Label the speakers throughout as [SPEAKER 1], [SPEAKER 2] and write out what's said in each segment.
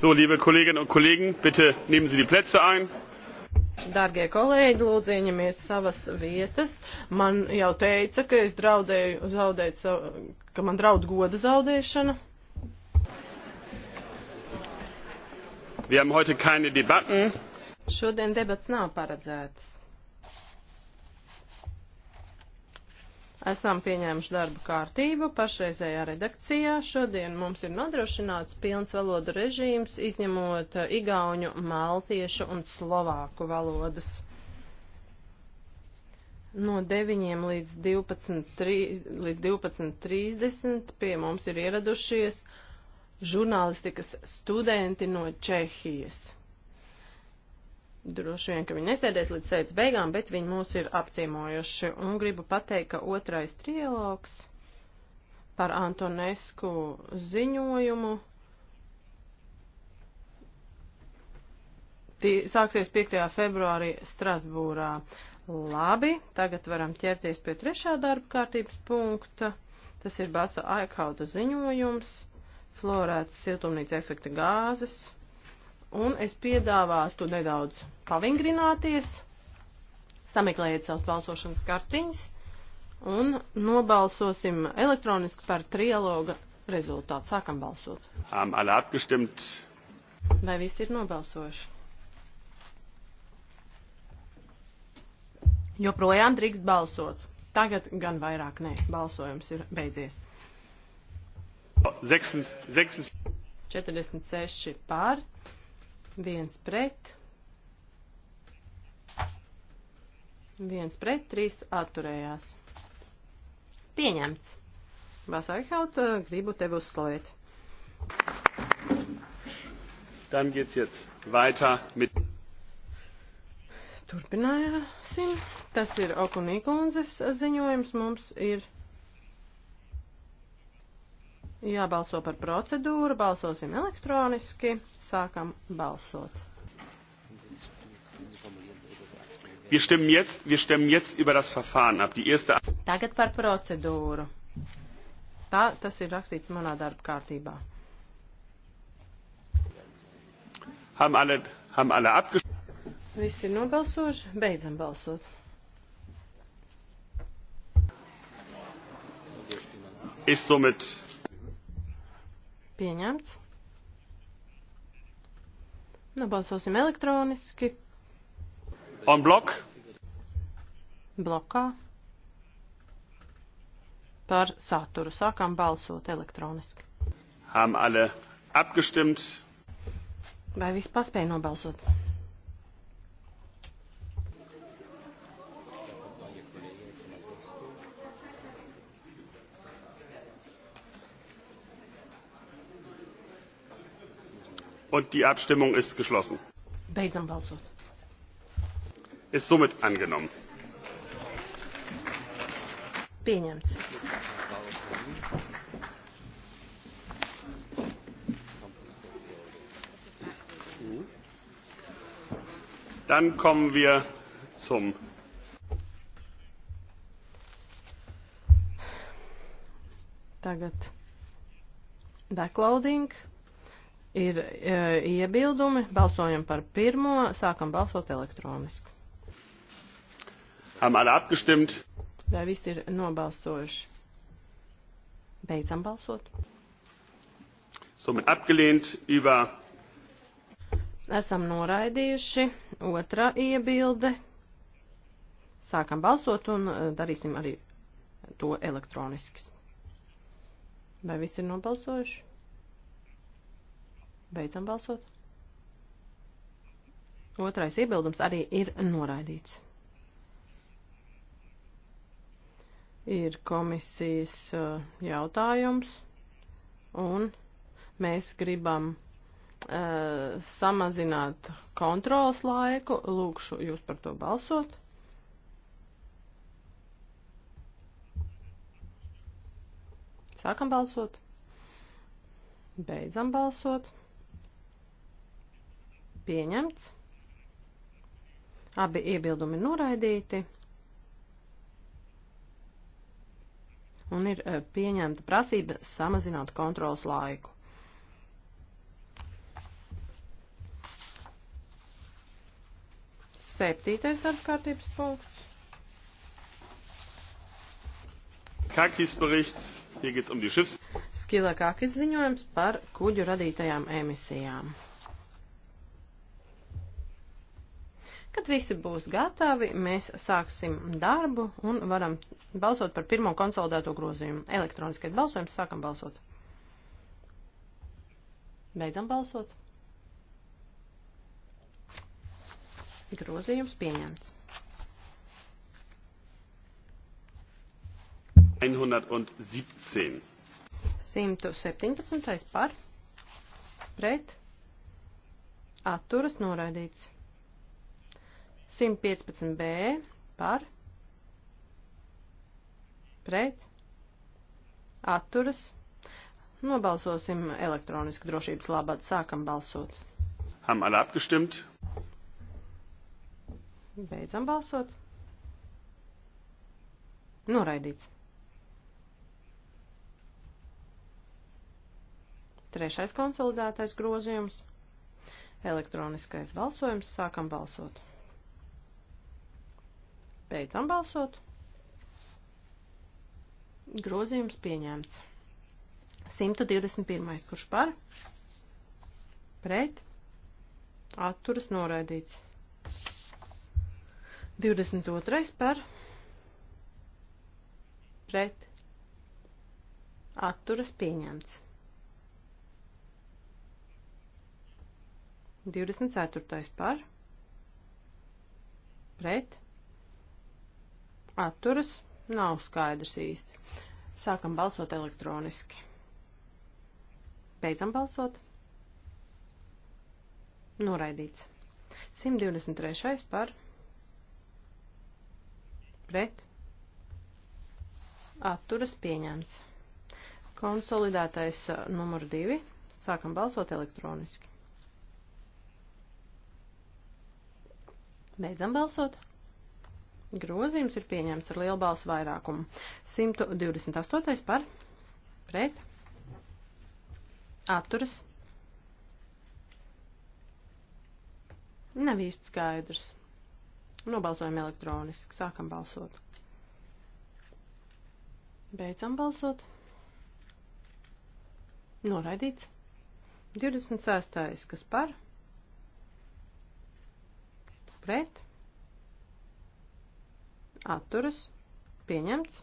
[SPEAKER 1] So, liebe Kolleginnen und Kollegen, bitte nehmen Sie die Plätze ein.
[SPEAKER 2] Dārgie kolēģi, lūdzu, ieņemiet savas vietas. Man jau teica, ka es draudēju zaudēt savu, ka man draud goda zaudēšana.
[SPEAKER 1] Wir haben heute keine Debatten.
[SPEAKER 2] Šodien debats nav paredzētas. esam pieņēmuši darba kārtību pašreizējā redakcijā. Šodien mums ir nodrošināts pilns valodu režīms, izņemot eh, igauņu, maltiešu un slovāku valodas. No 9 līdz 12.30 līdz 12 pie mums ir ieradušies žurnālistikas studenti no Čehijas. Droši vien, ka viņi nesēdēs līdz sēdes beigām, bet viņi mūs ir apciemojuši. Un gribu pateikt, ka otrais trialogs par Antonesku ziņojumu sāksies 5. februārī Strasbūrā. Labi, tagad varam ķerties pie trešā darba kārtības punkta. Tas ir Basa Aikauta ziņojums, florētas siltumnīca efekta gāzes un es piedāvātu nedaudz pavingrināties, sameklējiet savus balsošanas kartiņas un nobalsosim elektroniski par trialoga rezultātu. Sākam balsot. Vai visi ir nobalsojuši? Joprojām drīkst balsot. Tagad gan vairāk nē, balsojums ir beidzies. 46 pār, viens pret, viens pret, trīs atturējās. Pieņemts. Vasaikaut, gribu tevi uzslavēt.
[SPEAKER 1] Dann geht's jetzt weiter mit.
[SPEAKER 2] Turpināsim. Tas ir Okunīkundzes ziņojums. Mums ir Jābalso par procedūru, balsosim elektroniski, sākam balsot.
[SPEAKER 1] Wir stimmen jetzt, wir stimmen jetzt über das Verfahren ab. Die erste
[SPEAKER 2] Tagad par procedūru. Tā, tas ir rakstīts manā darba kārtībā.
[SPEAKER 1] Haben alle, haben alle abgestimmt?
[SPEAKER 2] Visi ir nobalsojuši, beidzam balsot. Ist somit Pieņemts. Nobalsosim nu, elektroniski. On blok? Blokā. Par saturu sākam balsot elektroniski.
[SPEAKER 1] Haben alle abgestimmt?
[SPEAKER 2] Vai viss paspēja nobalsot?
[SPEAKER 1] und die Abstimmung ist geschlossen.
[SPEAKER 2] Beidzam balsot.
[SPEAKER 1] Ist somit angenommen. Pieņemts. Dann kommen wir zum
[SPEAKER 2] Tagad backloading ir e, iebildumi. Balsojam par pirmo, sākam balsot elektroniski.
[SPEAKER 1] Haben alle abgestimmt?
[SPEAKER 2] Vai visi ir nobalsojuši? Beidzam balsot.
[SPEAKER 1] Somit abgelehnt über.
[SPEAKER 2] Esam noraidījuši. Otra iebilde. Sākam balsot un e, darīsim arī to elektroniski. Vai visi ir nobalsojuši? Beidzam balsot. Otrais iebildums arī ir noraidīts. Ir komisijas uh, jautājums, un mēs gribam uh, samazināt kontrolas laiku. Lūkšu jūs par to balsot. Sākam balsot. Beidzam balsot. Pieņemts. Abi iebildumi noraidīti. Un ir eh, pieņemta prasība samazināt kontrolas laiku. Septītais darbkārtības punkts.
[SPEAKER 1] Kakis berichts, hier geht's um die Schiffs.
[SPEAKER 2] Skilakakis ziņojums par kuģu radītajām emisijām. Kad visi būs gatavi, mēs sāksim darbu un varam balsot par pirmo konsolidēto grozījumu. Elektroniskais balsojums, sākam balsot. Beidzam balsot. Grozījums pieņemts.
[SPEAKER 1] 117.
[SPEAKER 2] 117. par pret atturas noraidīts. 115b par pret atturas. Nobalsosim elektroniski drošības labad. Sākam balsot.
[SPEAKER 1] Haben alle abgestimmt?
[SPEAKER 2] Beidzam balsot. Noraidīts. Trešais konsolidētais grozījums. Elektroniskais balsojums. Sākam balsot. Beidzam balsot. Grozījums pieņemts. 121. Kurš par? Pret. Atturas noraidīts. 22. par. Pret. Atturas pieņemts. 24. par. Pret Atturas nav skaidrs īsti. Sākam balsot elektroniski. Beidzam balsot. Noraidīts. 123. par pret atturas pieņemts. Konsolidētais uh, numur 2. Sākam balsot elektroniski. Beidzam balsot. Grozījums ir pieņemts ar lielu balsu vairākumu. 128. par pret atturas. Nav īsti skaidrs. Nobalsojam elektroniski. Sākam balsot. Beidzam balsot. Noraidīts. 26. kas par? Pret atturas, pieņemts.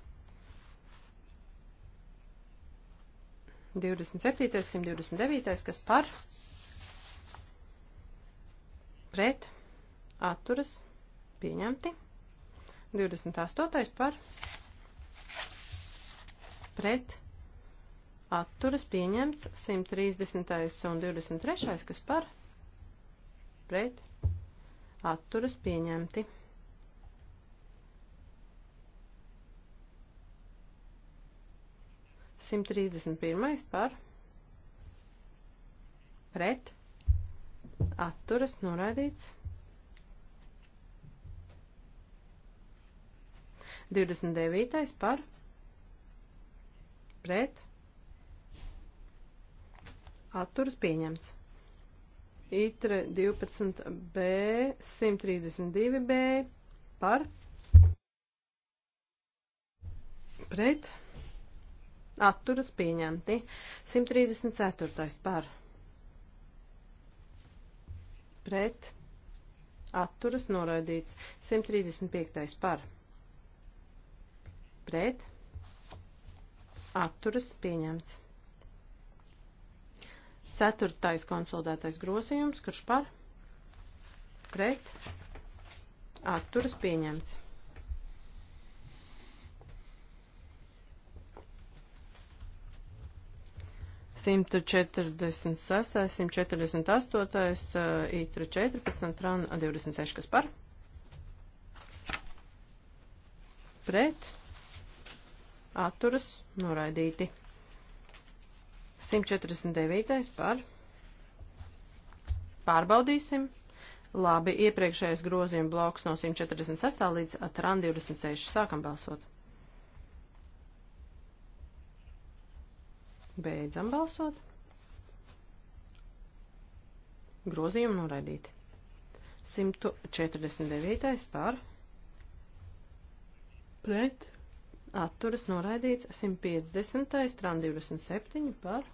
[SPEAKER 2] 27. 129. kas par, pret, atturas, pieņemti. 28. par, pret, atturas, pieņemts. 130. un 23. kas par, pret, atturas, pieņemti. 131. par pret atturas noraidīts. 29. par pret atturas pieņemts. Itre 12b, 132b par pret atturas pieņemts atturas pieņemti. 134. par pret atturas noraidīts. 135. par pret atturas pieņemts. Ceturtais konsolidētais grozījums, kurš par pret atturas pieņemts. 146, 148, itra 14, ran 26, kas par? Pret. Atturas noraidīti. 149 par. Pārbaudīsim. Labi, iepriekšējais grozījuma bloks no 146 līdz atran 26. Sākam balsot. Beidzam balsot. Grozījumi noraidīti. 149. par pret atturas noraidīts 150. tran 27 par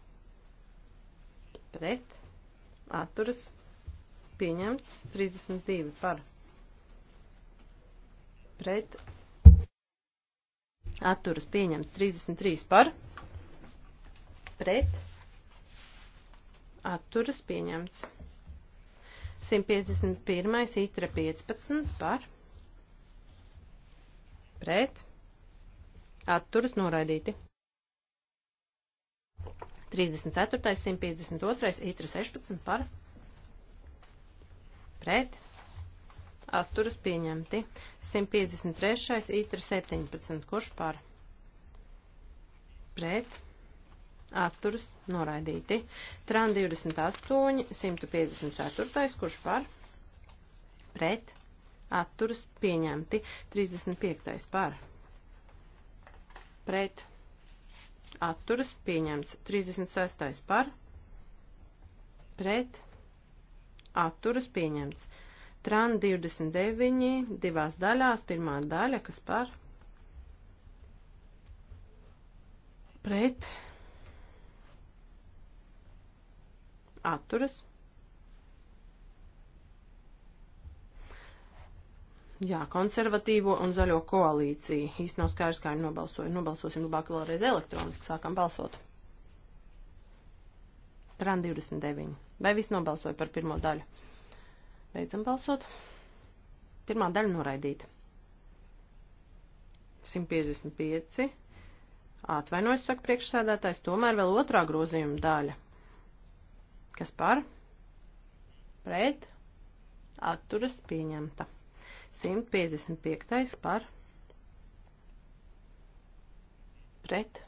[SPEAKER 2] pret atturas pieņemts 32 par pret atturas pieņemts 33 par pret, atturas pieņemts. 151. itra 15 par, pret, atturas noraidīti. 34. 152. itra 16 par, pret, atturas pieņemti. 153. itra 17, kurš par, pret, atturas noraidīti. Tran 28, 154, kurš par, pret, atturas pieņemti. 35. par, pret, atturas pieņemts. 36. par, pret, atturas pieņemts. Tran 29, divās daļās, pirmā daļa, kas par, pret, atturas pieņemts atturas. Jā, konservatīvo un zaļo koalīciju. Īsti nav skaidrs, kā viņi nobalsoja. Nobalsosim labāk vēlreiz elektroniski. Sākam balsot. Tran 29. Vai viss nobalsoja par pirmo daļu? Beidzam balsot. Pirmā daļa noraidīta. 155. Atvainojos, saka priekšsēdētājs, tomēr vēl otrā grozījuma daļa. Kas par? Pret. Atturas pieņemta. 155. par. Pret.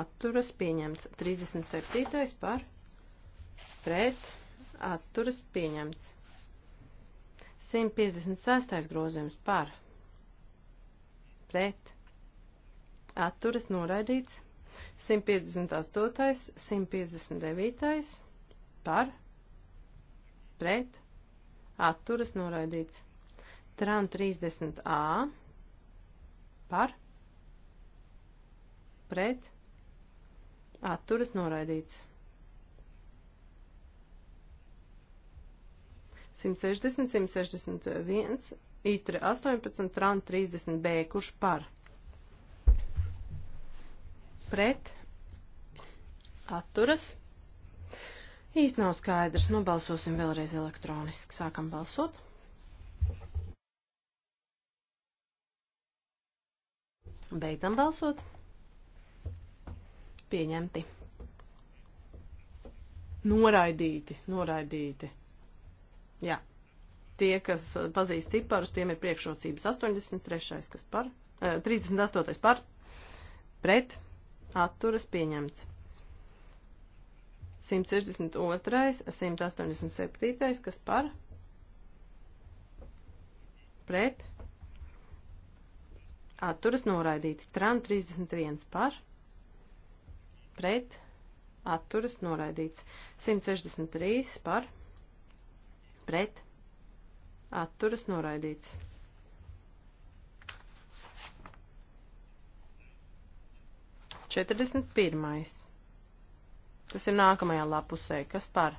[SPEAKER 2] Atturas pieņemts. 37. par. Pret. Atturas pieņemts. 156. grozījums par. Pret. Atturas noraidīts. 158, 159 par, pret, atturas noraidīts. Tran 30a par, pret, atturas noraidīts. 160, 161, itre 18, tran 30b, kurš par, pret, atturas. Īsti nav skaidrs, nobalsosim nu, vēlreiz elektroniski. Sākam balsot. Beidzam balsot. Pieņemti. Noraidīti, noraidīti. Jā. Tie, kas pazīst ciparus, tiem ir priekšrocības 83. kas par, eh, 38. par, pret, atturas pieņemts. 162, 187, kas par, pret, atturas noraidīti. Tran 31 par, pret, atturas noraidīts. 163 par, pret, atturas noraidīts. 41. Tas ir nākamajā lapusē. Kas par?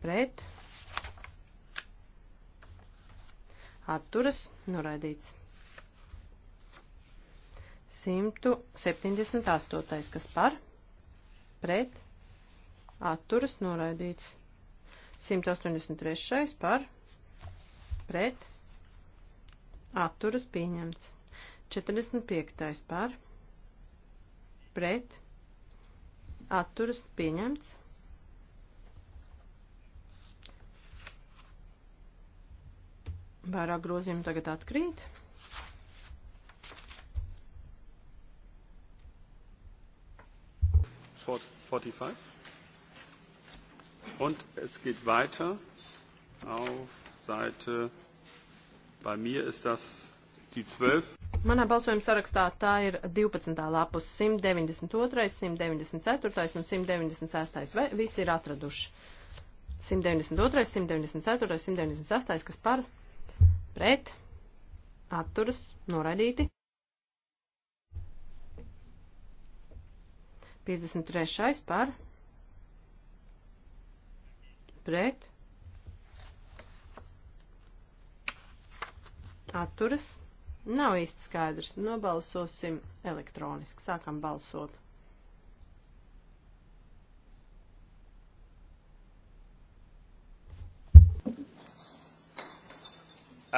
[SPEAKER 2] Pret. Atturas. Noraidīts. 178. Kas par? Pret. Atturas. Noraidīts. 183. Par. Pret. Atturas. Pieņemts. 45. Par pret, atturas pieņemts. Vairāk grozījumu tagad atkrīt.
[SPEAKER 1] Fort 45. Und es geht weiter auf Seite, bei mir ist das
[SPEAKER 2] Manā balsojuma sarakstā tā ir 12. lapus 192, 194 un 196. Vai visi ir atraduši? 192, 194, 198, kas par pret atturas noraidīti. 53. par pret atturas noraidīti. Nav īsti skaidrs. Nobalsosim elektroniski. Sākam balsot.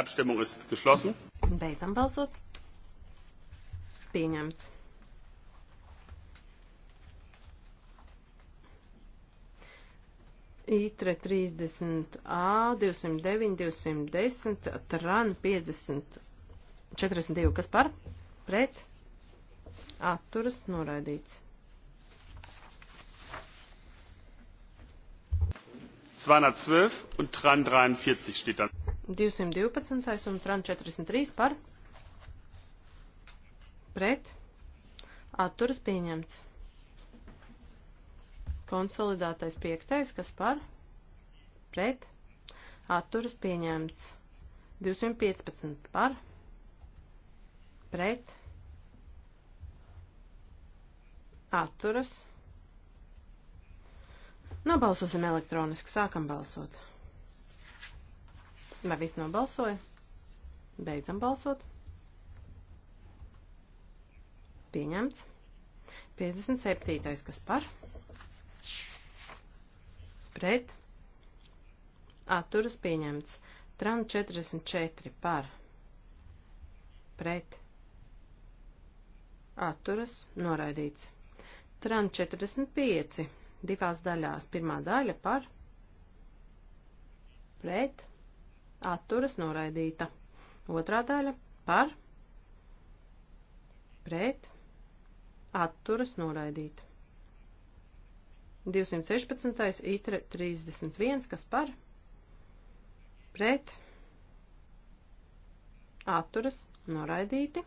[SPEAKER 1] Abstimmung ist geschlossen.
[SPEAKER 2] Beidzam balsot. Pieņemts. ITRE 30A, 209, 210, TRAN 50 42. Kas par? Pret. Atturas noraidīts.
[SPEAKER 1] 212 un Tran 43 steht dann.
[SPEAKER 2] 212 un Tran 43 par. Pret. Atturas pieņemts. Konsolidētais piektais, kas par? Pret. Atturas pieņemts. 215 par pret, atturas. Nobalsosim elektroniski, sākam balsot. Vai viss nobalsoja? Beidzam balsot. Pieņemts. 57. kas par? Pret. Atturas pieņemts. Tran 44 par. Pret atturas noraidīts. Tran 45 divās daļās. Pirmā daļa par pret atturas noraidīta. Otrā daļa par pret atturas noraidīta. 216. itre 31, kas par pret atturas noraidīti.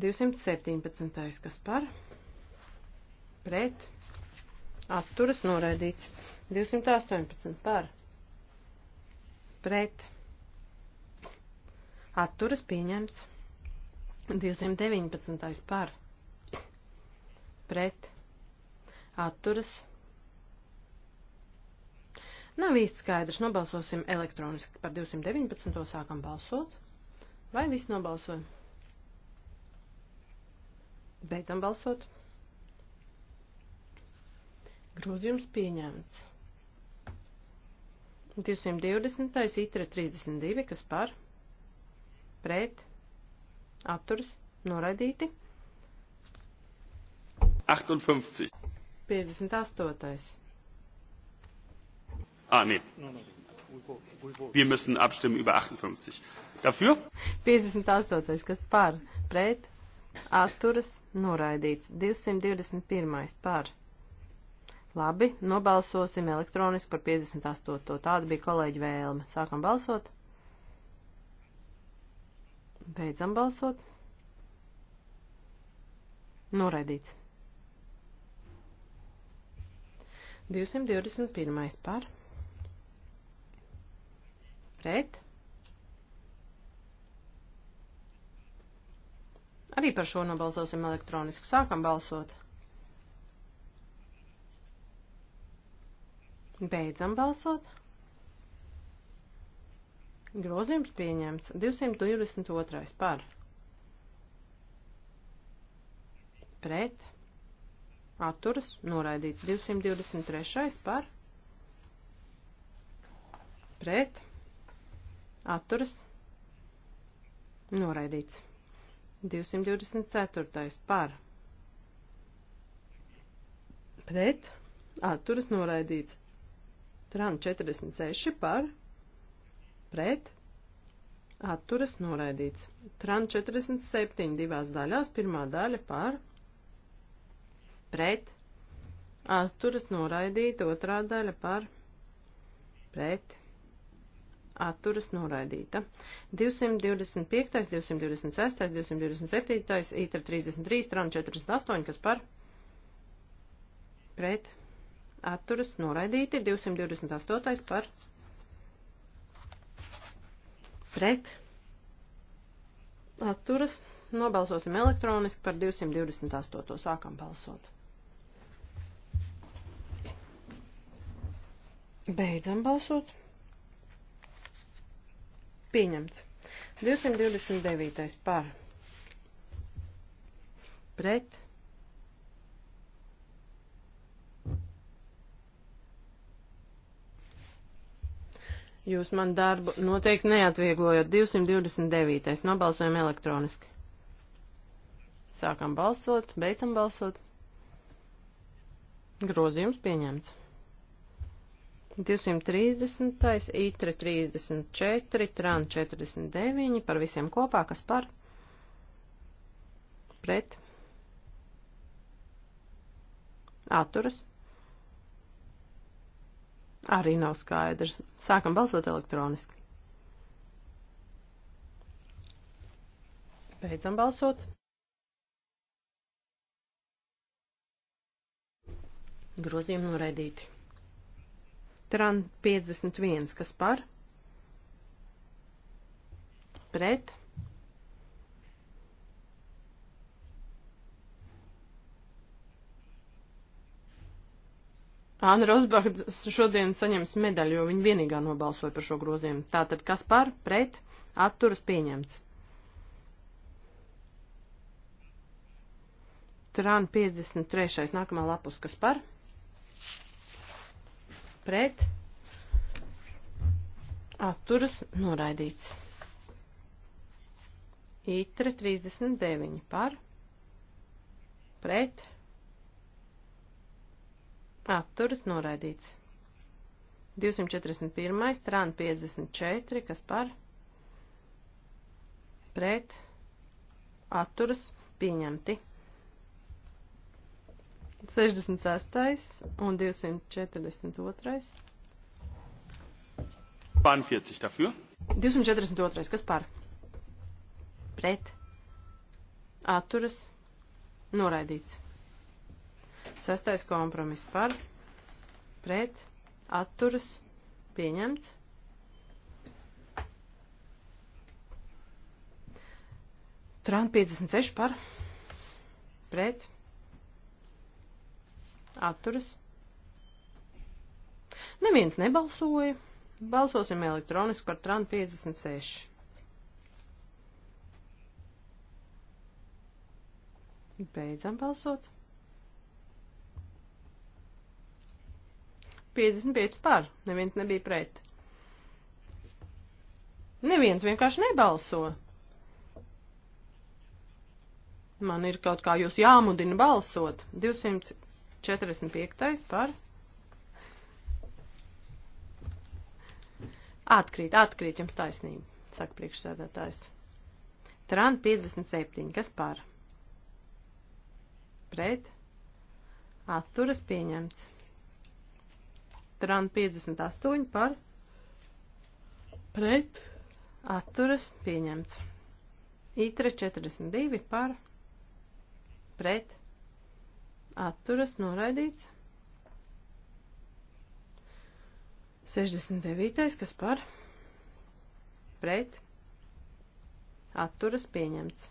[SPEAKER 2] 217. kas par pret atturas noraidīts. 218 par pret atturas pieņemts. 219. par pret atturas nav īsti skaidrs. Nobalsosim elektroniski par 219. sākam balsot. Vai viss nobalsoja? Beidzam balsot. Grozījums pieņemts. 220. itra 32, kas par, pret, atturas, noraidīti.
[SPEAKER 1] 58.
[SPEAKER 2] 58.
[SPEAKER 1] Ah, nee. Wir müssen abstimmen über 58. Dafür?
[SPEAKER 2] 58. Kas par, pret, atturas noraidīts. 221. par. Labi, nobalsosim elektroniski par 58. Tāda bija kolēģi vēlme. Sākam balsot. Beidzam balsot. Noraidīts. 221. par. Pret. Arī par šo nobalsosim elektroniski. Sākam balsot. Beidzam balsot. Grozījums pieņemts 222 par. Pret. Atturas noraidīts 223 par. Pret. Atturas noraidīts. 224. par pret atturas noraidīts. Tran 46 par pret atturas noraidīts. Tran 47 divās daļās, pirmā daļa par pret atturas noraidīta, otrā daļa par pret atturas noraidīta. 225, 226, 227, ITR 33, TRAN 48, kas par pret atturas noraidīti, 228 par pret atturas. Nobalsosim elektroniski par 228. Sākam balsot. Beidzam balsot. Pieņemts. 229. par. Pret. Jūs man darbu noteikti neatvieglojat. 229. Nobalsojam elektroniski. Sākam balsot, beidzam balsot. Grozījums pieņemts. 230, itra 34, tran 49, par visiem kopā, kas par, pret, atturas, arī nav skaidrs. Sākam balsot elektroniski. Beidzam balsot. Grozījumi noraidīti. Tran 51, kas par? Pret. Āna Rosbachs šodien saņems medaļu, jo viņa vienīgā nobalsoja par šo grozījumu. Tātad kas par, pret, atturas pieņemts. Tran 53. nākamā lapus, kas par? pret atturas noraidīts. Itra 39 par pret atturas noraidīts. 241, tran 54, kas par pret atturas pieņemti. 66. un 242.
[SPEAKER 1] 42 dafür.
[SPEAKER 2] 242. Kas par? Pret. Atturas. Noraidīts. Sastais kompromis par. Pret. Atturas. Pieņemts. Tran 56 par. Pret atturas. Neviens nebalsoja. Balsosim elektroniski par TRAN 56. Beidzam balsot. 55 par. Neviens nebija pret. Neviens vienkārši nebalso. Man ir kaut kā jūs jāmudina balsot. 200 45. par. Atkrīt, atkrīt jums taisnība, saka priekšsēdētājs. Tran 57. Kas par? Pret. Atturas pieņemts. Tran 58 par. Pret. Atturas pieņemts. Itre 42 par. Pret atturas noraidīts. 69. kas par pret atturas pieņemts.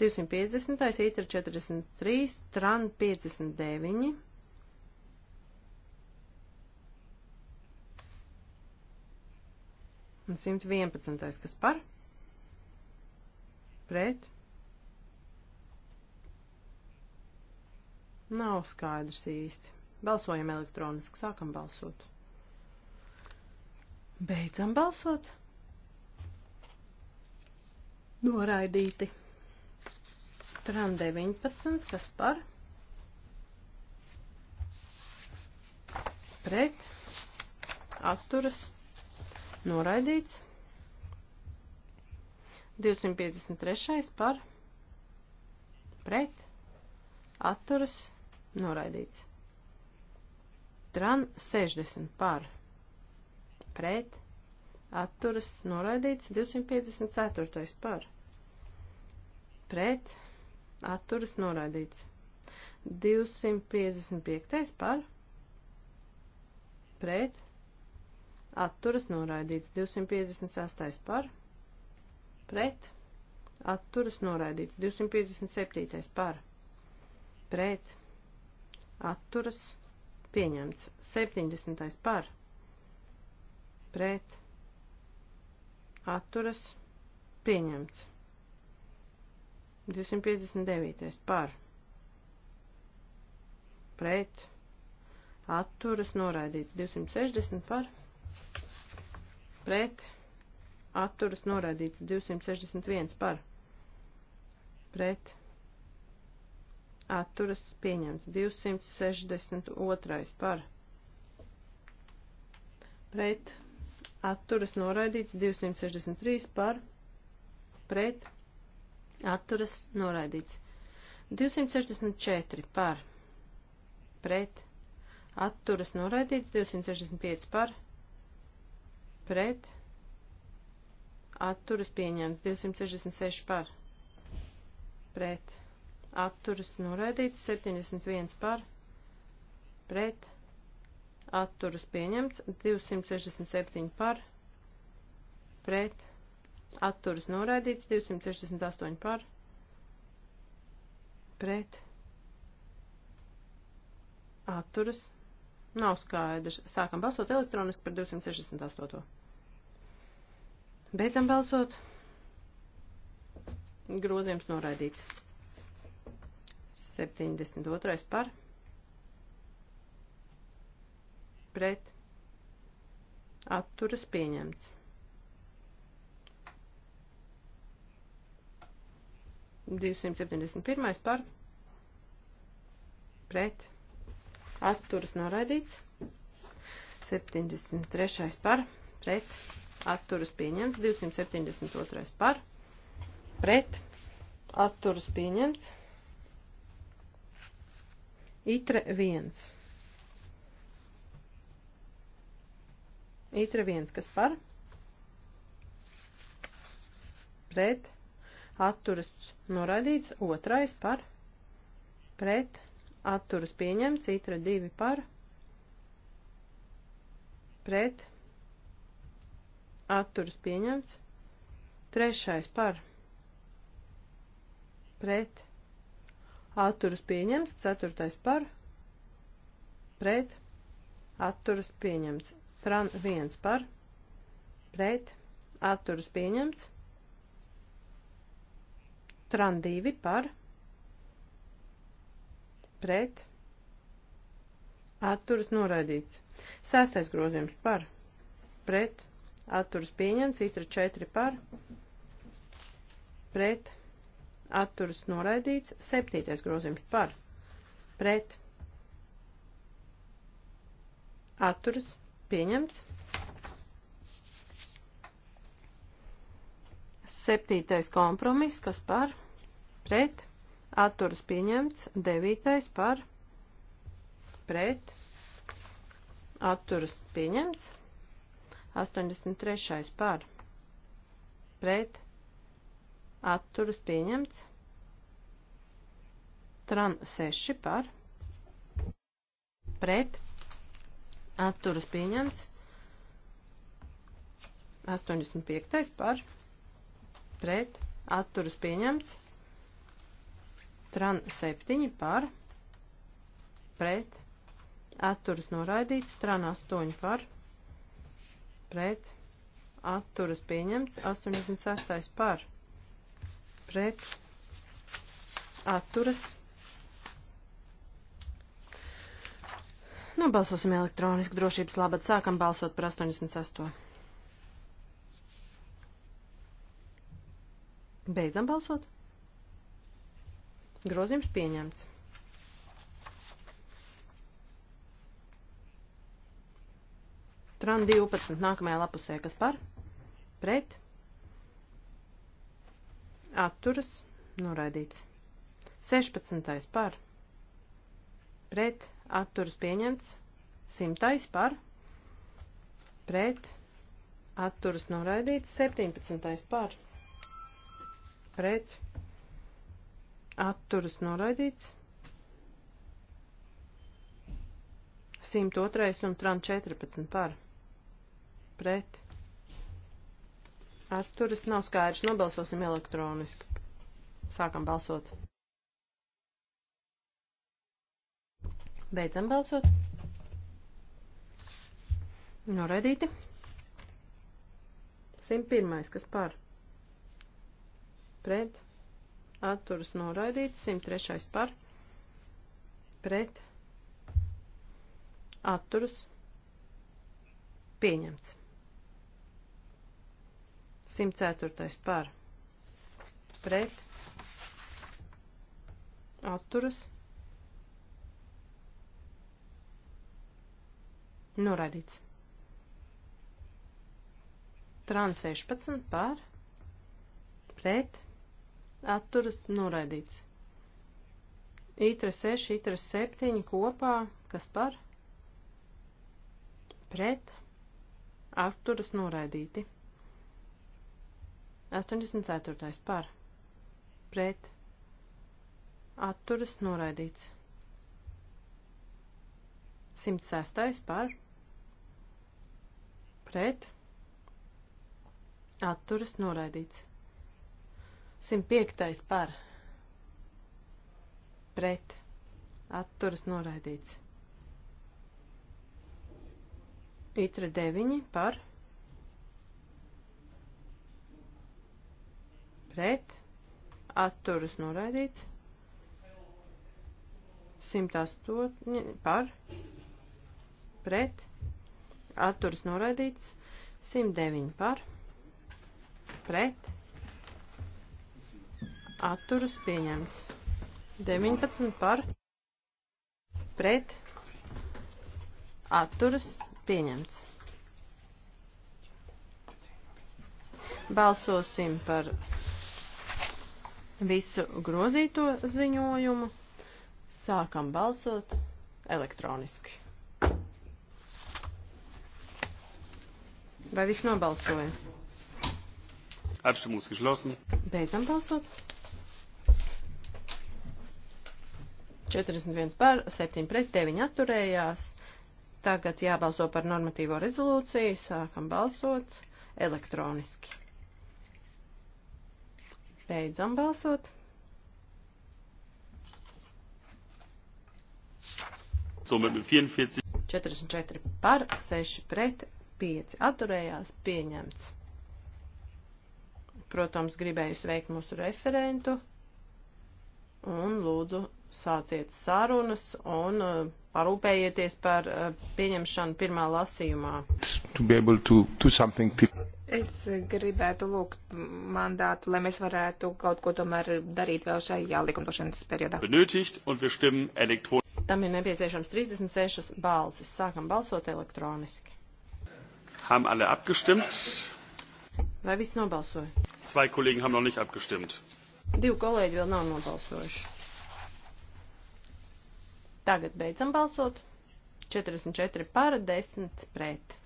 [SPEAKER 2] 250. itra 43, tran 59. Un 111. kas par pret Nav skaidrs īsti. Balsojam elektroniski, sākam balsot. Beidzam balsot. Noraidīti. Turam 19, kas par? Pret. Atturas. Noraidīts. 253 par. Pret. Atturas Noraidīts. Tran 60 par. Pret. Atturas. Noraidīts. 254 par. Pret. Atturas. Noraidīts. 255 par. Pret. Atturas. Noraidīts. 256 par. Pret. Atturas. Noraidīts. 257 par. Pret atturas pieņemts. 70. par pret atturas pieņemts. 259. par pret atturas noraidīts. 260 par pret atturas noraidīts. 261 par pret atturas noraidīts atturas pieņemts. 262 par pret atturas noraidīts. 263 par pret atturas noraidīts. 264 par pret atturas noraidīts. 265 par pret atturas pieņemts. 266 par pret atturas noraidīts, 71 par, pret, atturas pieņemts, 267 par, pret, atturas noraidīts, 268 par, pret, atturas, nav skaidrs. Sākam balsot elektroniski par 268. Beidzam balsot. Grozījums noraidīts. 72. par pret atturas pieņemts. 271. par pret atturas noraidīts. 73. par pret atturas pieņemts. 272. par pret atturas pieņemts. Itre 1. Itre 1, kas par? Pret. Atturas noraidīts. Otrais par. Pret. Atturas pieņemts. Itre 2 par. Pret. Atturas pieņemts. Trešais par. Pret atturas pieņemts, ceturtais par, pret, atturas pieņemts, tran viens par, pret, atturas pieņemts, tran divi par, pret, atturas noraidīts, sestais grozījums par, pret, atturas pieņemts, itra četri par, pret, atturas noraidīts, septītais grozījums par, pret, atturas pieņemts, septītais kompromiss, kas par, pret, atturas pieņemts, devītais par, pret, atturas pieņemts, 83. par, pret, atturas pieņemts. Tran 6 par, pret, atturas pieņemts. 85 par, pret, atturas pieņemts. Tran 7 par, pret, atturas noraidīts. Tran 8 par, pret, atturas pieņemts. 86 par, pret pret atturas. Nobalsosim nu, elektroniski drošības labad. Sākam balsot par 88. Beidzam balsot. Grozījums pieņemts. Tran 12. Nākamajā lapusē, kas par? Pret? atturas, noraidīts. 16. par, pret, atturas pieņemts, 100. par, pret, atturas noraidīts, 17. par, pret, atturas noraidīts, 102. un tran 14 par, pret, Atturas nav skaidrs. Nobalsosim elektroniski. Sākam balsot. Beidzam balsot. Noraidīti. 101. Kas par? Pret. Atturas noraidīts. 103. par. Pret. Atturas. Pieņemts. 104. par pret atturas noraidīts. Tran 16 par pret atturas noraidīts. Itra 6, itra 7 kopā, kas par pret atturas noraidīti. 84. par pret atturas noraidīts. 106. par pret atturas noraidīts. 105. par pret atturas noraidīts. Itra 9 par pret pret, atturas noraidīts, 108 par, pret, atturas noraidīts, 109 par, pret, atturas pieņemts, 19 par, pret, atturas pieņemts. Balsosim par visu grozīto ziņojumu. Sākam balsot elektroniski. Vai viss nobalsoja?
[SPEAKER 1] Abstimmung ist geschlossen. Beidzam
[SPEAKER 2] balsot. 41 par, 7 pret, 9 atturējās. Tagad jābalso par normatīvo rezolūciju. Sākam balsot elektroniski. Beidzam balsot.
[SPEAKER 1] Somit mit 44.
[SPEAKER 2] 44 par, 6 pret, 5 atturējās, pieņemts. Protams, gribēju sveikt mūsu referentu un lūdzu sāciet sarunas un uh, parūpējieties par uh, pieņemšanu pirmā lasījumā.
[SPEAKER 1] To
[SPEAKER 3] be able to do something
[SPEAKER 4] Es gribētu lūgt mandātu, lai mēs varētu kaut ko tomēr darīt vēl šajā likumdošanas
[SPEAKER 2] periodā. Tam ir nepieciešams 36 balsis. Sākam balsot elektroniski.
[SPEAKER 1] Haben alle abgestimmt?
[SPEAKER 2] Vai viss nobalsoja?
[SPEAKER 1] Zwei Kollegen haben noch nicht abgestimmt.
[SPEAKER 2] Divi kolēģi vēl nav nobalsojuši. Tagad beidzam balsot. 44 par, 10 pret.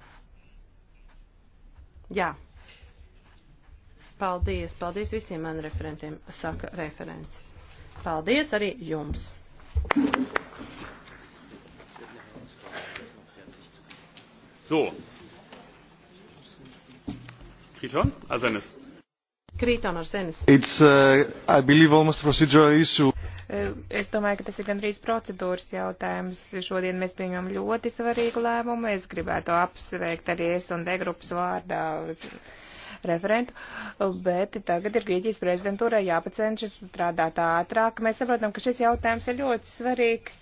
[SPEAKER 2] Jā. Paldies, paldies visiem man referentiem, saka referents. Paldies arī jums.
[SPEAKER 1] So. Kriton, Arsenis.
[SPEAKER 4] Kriton, Arsenis.
[SPEAKER 3] It's, uh, I believe, almost a procedural issue
[SPEAKER 4] es domāju, ka tas ir gandrīz procedūras jautājums. Šodien mēs pieņemam ļoti svarīgu lēmumu. Es gribētu apsveikt arī es un D grupas vārdā referentu, bet tagad ir Grieķijas prezidentūrai jāpacenšas strādāt ātrāk. Mēs saprotam, ka šis jautājums ir ļoti svarīgs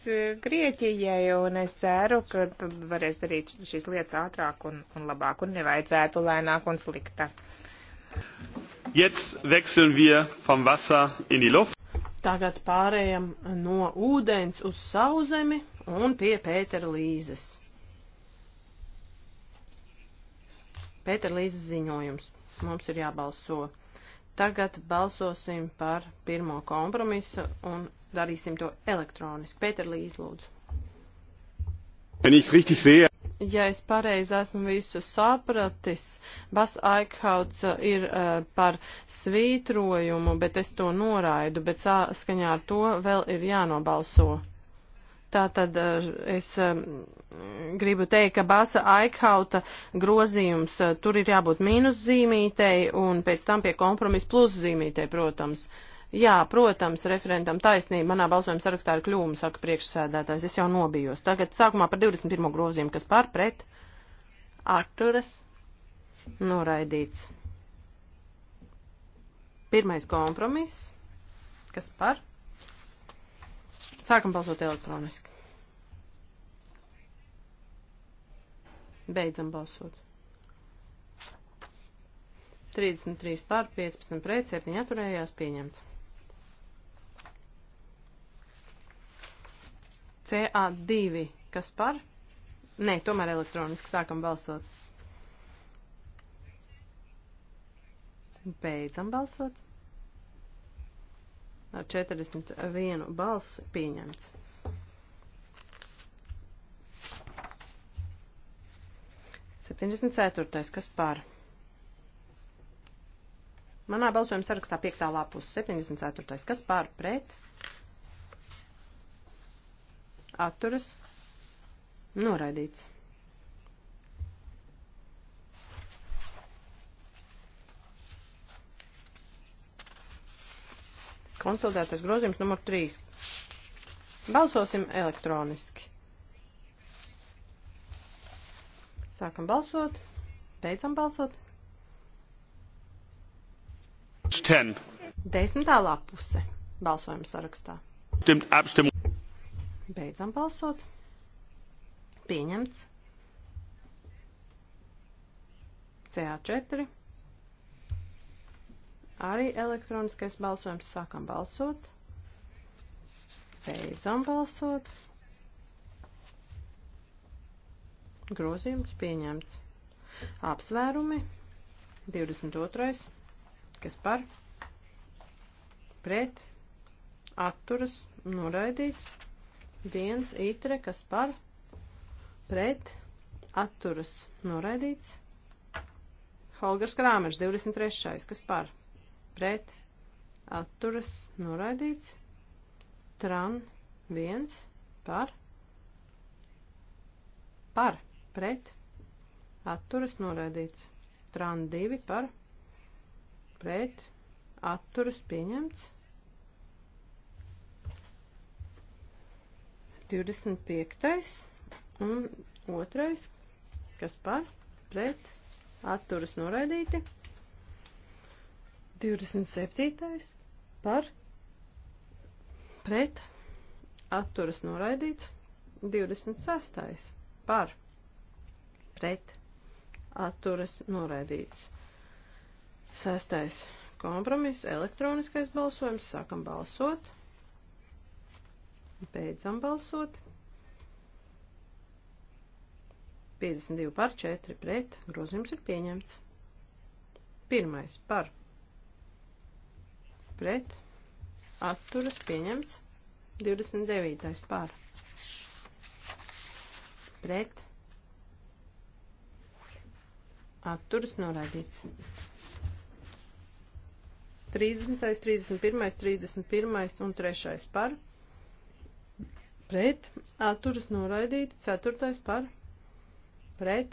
[SPEAKER 4] Grieķijai, un es ceru, ka varēs darīt šīs lietas ātrāk un, un labāk, un nevajadzētu lēnāk un sliktāk.
[SPEAKER 1] Jetzt wechseln wir vom Wasser in die Luft.
[SPEAKER 2] Tagad pārējām no ūdens uz sauzemi un pie Pētera Līzes. Pētera Līzes ziņojums. Mums ir jābalso. Tagad balsosim par pirmo kompromisu un darīsim to elektroniski. Pētera Līze, lūdzu ja es pareizi esmu visu sapratis, Bas Aikhauts uh, ir uh, par svītrojumu, bet es to noraidu, bet saskaņā ar to vēl ir jānobalso. Tātad uh, es um, gribu teikt, ka Basa Aikhauta grozījums, uh, tur ir jābūt mīnus zīmītei un pēc tam pie kompromisa plus zīmītei, protams. Uh, Jā, protams, referentam taisnība. Manā balsojuma sarakstā ir kļūma, saka priekšsēdētājs. Es jau nobijos. Tagad sākumā par 21. grozījumu, kas pārpret. Atturas. Noraidīts. Pirmais kompromiss. Kas par? Sākam balsot elektroniski. Beidzam balsot. 33 pār 15 pret 7 atturējās pieņemts. CA2, kas par? Nē, tomēr elektroniski sākam balsot. Beidzam balsot. Ar 41 balsi pieņemts. Septiņdesmit ceturtais, kas par? Manā balsojuma sarakstā piektā lapus. Septiņdesmit ceturtais, kas par pret? atturas noraidīts. Konsultētais grozījums numur 3. Balsosim elektroniski. Sākam balsot, beidzam balsot. 10. Desmitā lapuse balsojuma sarakstā.
[SPEAKER 1] Stimt, apstimt.
[SPEAKER 2] Beidzam balsot. Pieņemts. CA4. Arī elektroniskais balsojums. Sākam balsot. Beidzam balsot. Grozījums pieņemts. Apsvērumi. 22. Kas par? Pret. Atturas. Noraidīts viens itre, kas par pret atturas noraidīts. Holgers Krāmers, 23. kas par pret atturas noraidīts. Tran viens par par pret atturas noraidīts. Tran divi par pret atturas pieņemts. 25. un 2. kas par pret atturas noraidīti. 27. par pret atturas noraidīts. 26. par pret atturas noraidīts. 6. kompromiss elektroniskais balsojums. Sākam balsot. Beidzam balsot. 52 par 4 pret. Grozījums ir pieņemts. Pirmais par pret. Atturas pieņemts. 29. par pret. Atturas norādīts. 30., 31., 31. un 3. par pret pret atturas noraidīti, 4. par pret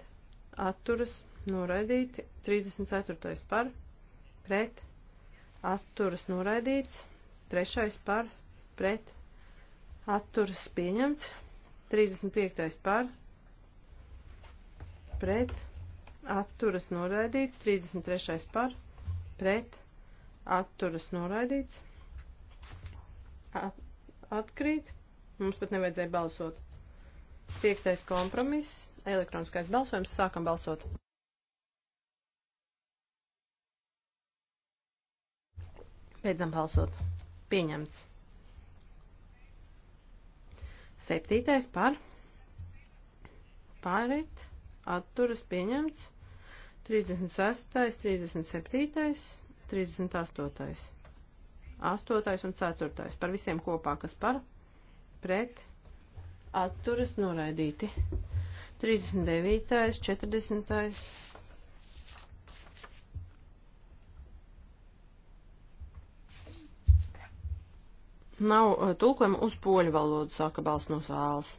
[SPEAKER 2] atturas noraidīti, 34. par pret atturas noraidīts, 3. par pret atturas pieņemts, 35. par pret atturas noraidīts, 33. par pret atturas noraidīts, at, atkrīt, Mums pat nevajadzēja balsot. Piektais kompromiss, elektroniskais balsojums, sākam balsot. Beidzam balsot. Pieņemts. Septītais par. Pārīt. Atturas pieņemts. 36., 37., 38. 8. un 4. Par visiem kopā, kas par pret atturas noraidīti. 39. 40. Nav eh, tulkojuma uz poļu valodu, saka balss no zāles.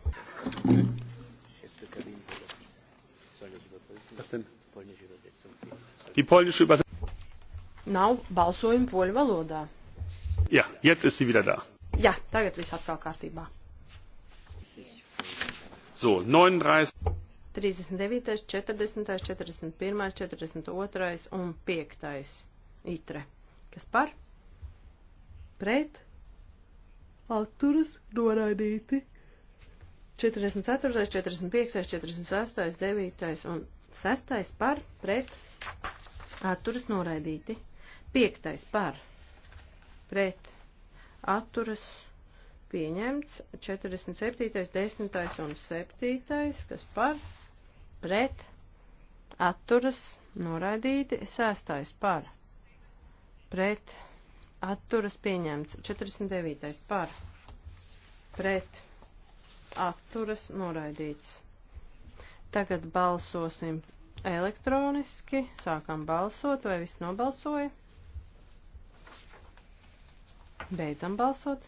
[SPEAKER 2] Nav balsojuma poļu valodā.
[SPEAKER 1] Jā, ja, jetzt ist sie wieder da.
[SPEAKER 2] Jā, tagad viss atkal kārtībā.
[SPEAKER 1] So, 39.
[SPEAKER 2] 39., 40., 41., 42. un 5. itre. Kas par? Pret? Atturas noraidīti. 44., 45., 46., 9. un 6. par pret atturas noraidīti. 5. par pret atturas pieņemts 47., 10. un 7. kas par pret atturas noraidīti 6. par pret atturas pieņemts 49. par pret atturas noraidīts. Tagad balsosim elektroniski, sākam balsot, vai viss nobalsoja? Beidzam balsot.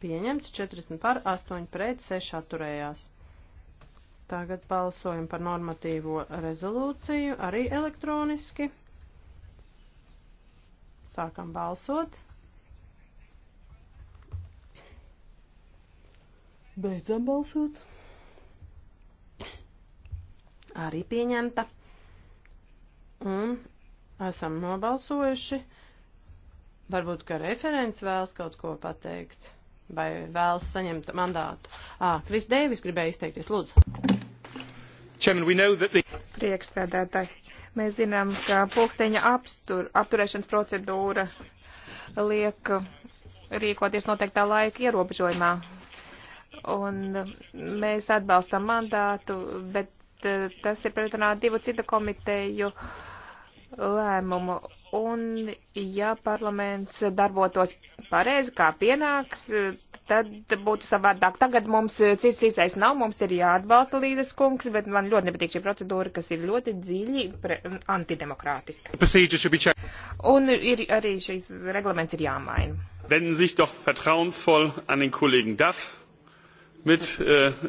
[SPEAKER 2] Pieņemts 40 par 8 pret 6 atturējās. Tagad balsojam par normatīvo rezolūciju arī elektroniski. Sākam balsot. Beidzam balsot. Arī pieņemta. Un Esam nobalsojuši. Varbūt, ka referents vēlas kaut ko pateikt vai vēlas saņemt mandātu. Ā, Kris Deivis gribēja izteikties, lūdzu.
[SPEAKER 3] The...
[SPEAKER 4] Priekšstādātāji, mēs zinām, ka pulksteņa apstur, apturēšanas procedūra liek rīkoties noteiktā laika ierobežojumā. Un mēs atbalstam mandātu, bet eh, tas ir pretrunā divu citu komiteju uh, lēmumu. Un ja parlaments darbotos pareizi, kā pienāks, tad būtu savādāk. Tagad mums cits īsais nav, mums ir jāatbalsta līdzes kungs, bet man ļoti nepatīk šī procedūra, kas ir ļoti dziļi pre, antidemokrātiska. Un ir, arī šīs reglaments ir jāmaina.
[SPEAKER 1] Wenden sich doch vertrauensvoll an den Kollegen Duff mit. Äh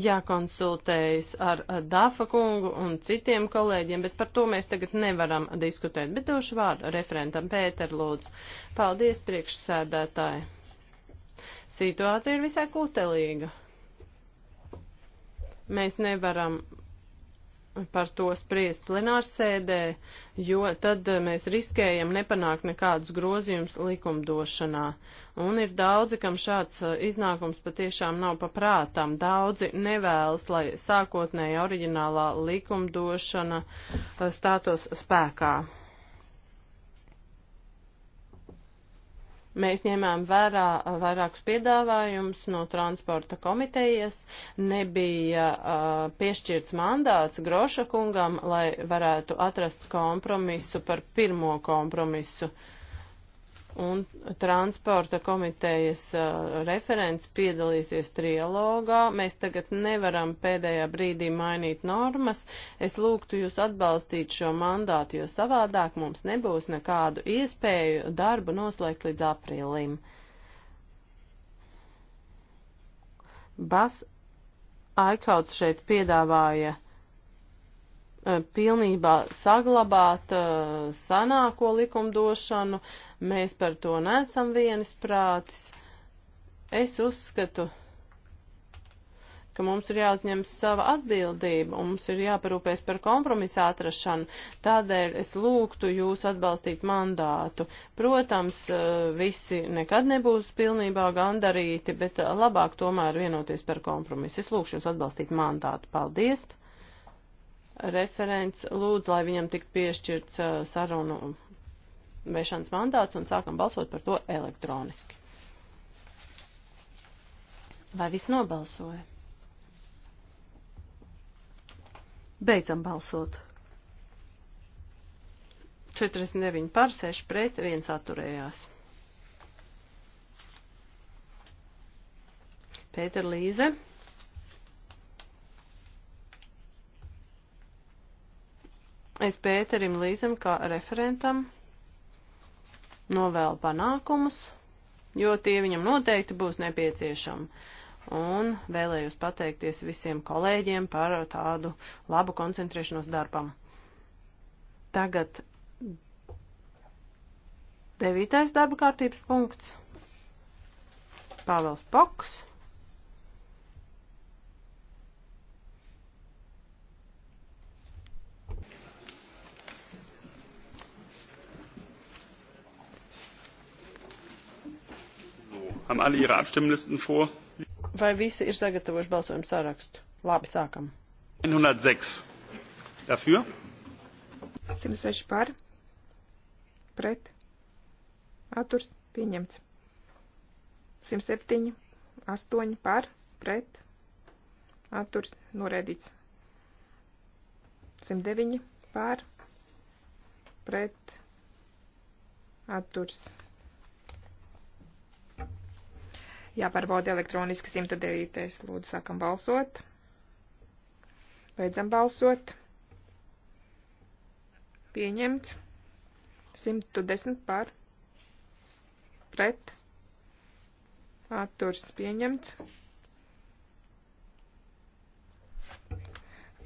[SPEAKER 2] jākonsultējas ar Dāfa kungu un citiem kolēģiem, bet par to mēs tagad nevaram diskutēt. Bet došu vārdu referentam Pēter Lūdzu. Paldies, priekšsēdētāji. Situācija ir visai kūtelīga. Mēs nevaram par to spriest plenārsēdē, jo tad eh, mēs riskējam nepanākt nekādus grozījumus likumdošanā. Un ir daudzi, kam šāds eh, iznākums patiešām nav paprātām. Daudzi nevēlas, lai sākotnēja oriģinālā likumdošana eh, stātos spēkā. Mēs ņēmām vērā vairākus piedāvājumus no transporta komitejas, nebija uh, piešķirts mandāts Groša kungam, lai varētu atrast kompromisu par pirmo kompromisu. Uh, un transporta komitejas uh, referents piedalīsies trialogā. Mēs tagad nevaram pēdējā brīdī mainīt normas. Es lūgtu jūs atbalstīt šo mandātu, jo savādāk mums nebūs nekādu iespēju darbu noslēgt līdz aprīlim. Bas Aikauts šeit piedāvāja uh, pilnībā saglabāt uh, sanāko likumdošanu, uh, Mēs par to nesam vienas prātis. Es uzskatu, ka mums ir jāuzņem sava atbildība un mums ir jāparūpēs par kompromisu atrašanu. Tādēļ es lūgtu jūs atbalstīt mandātu. Protams, eh, visi nekad nebūs pilnībā gandarīti, bet eh, labāk tomēr vienoties par kompromisu. Es lūgšu jūs atbalstīt mandātu. Paldies! Referents lūdz, lai viņam tik piešķirts eh, sarunu vēšanas mandāts un sākam balsot par to elektroniski. Vai viss nobalsoja? Beidzam balsot. 49 par 6 pret 1 atturējās. Pēter Līze. Es Pēterim Līzem kā referentam novēl panākumus, jo tie viņam noteikti būs nepieciešami. Un vēlējos pateikties visiem kolēģiem par tādu labu koncentrēšanos darbam. Tagad devītais darba kārtības punkts. Pāvels Poks.
[SPEAKER 1] Haben alle ihre Abstimmlisten vor?
[SPEAKER 2] Vai visi ir sagatavojuši balsojumu sarakstu? Labi, sākam.
[SPEAKER 1] 106. Dafür?
[SPEAKER 4] 106 par. Pret. Atturs pieņemts. 107. 8 par. Pret. Atturs noraidīts. 109 par. Pret. Atturs Jāpārbauda elektroniski 109. Lūdzu, sākam balsot. Beidzam balsot. Pieņemts. 110 par. Pret. Atturs pieņemts.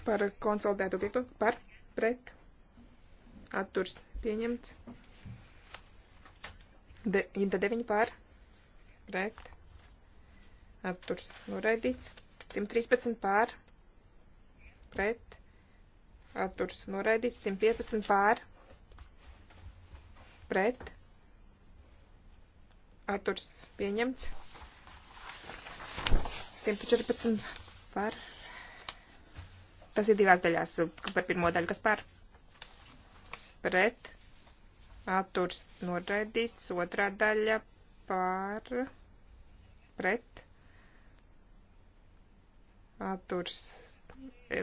[SPEAKER 4] Par konsolidētu piekto. Par. Pret. Atturs pieņemts. De, 9 par. Pret atturs noraidīts. 113 pār pret atturs noraidīts. 115 pār pret atturs pieņemts. 114 pār. Tas ir divās daļās par pirmo daļu, kas pār pret atturs noraidīts. Otrā daļa pār pret atturs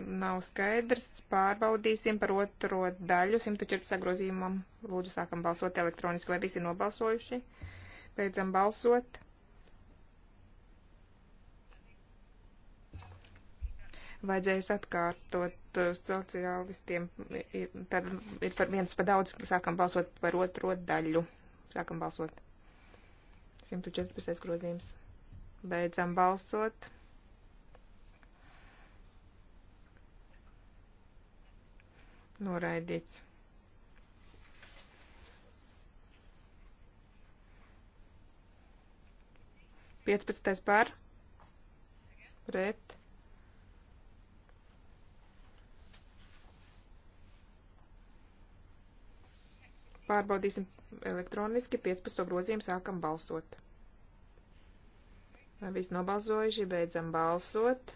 [SPEAKER 4] nav skaidrs. Pārbaudīsim par otro daļu 104 grozījumam. Lūdzu, sākam balsot elektroniski, lai visi nobalsojuši. Beidzam balsot. Vajadzēs atkārtot uh, sociālistiem. Ir, tad ir par viens pa daudz. Sākam balsot par otro daļu. Sākam balsot. 114 grozījums. Beidzam balsot. noraidīts. Piecpadsmitais pār, pret. Pārbaudīsim elektroniski 15. grozījumu, sākam balsot. Vai viss nobalsojuši, beidzam balsot.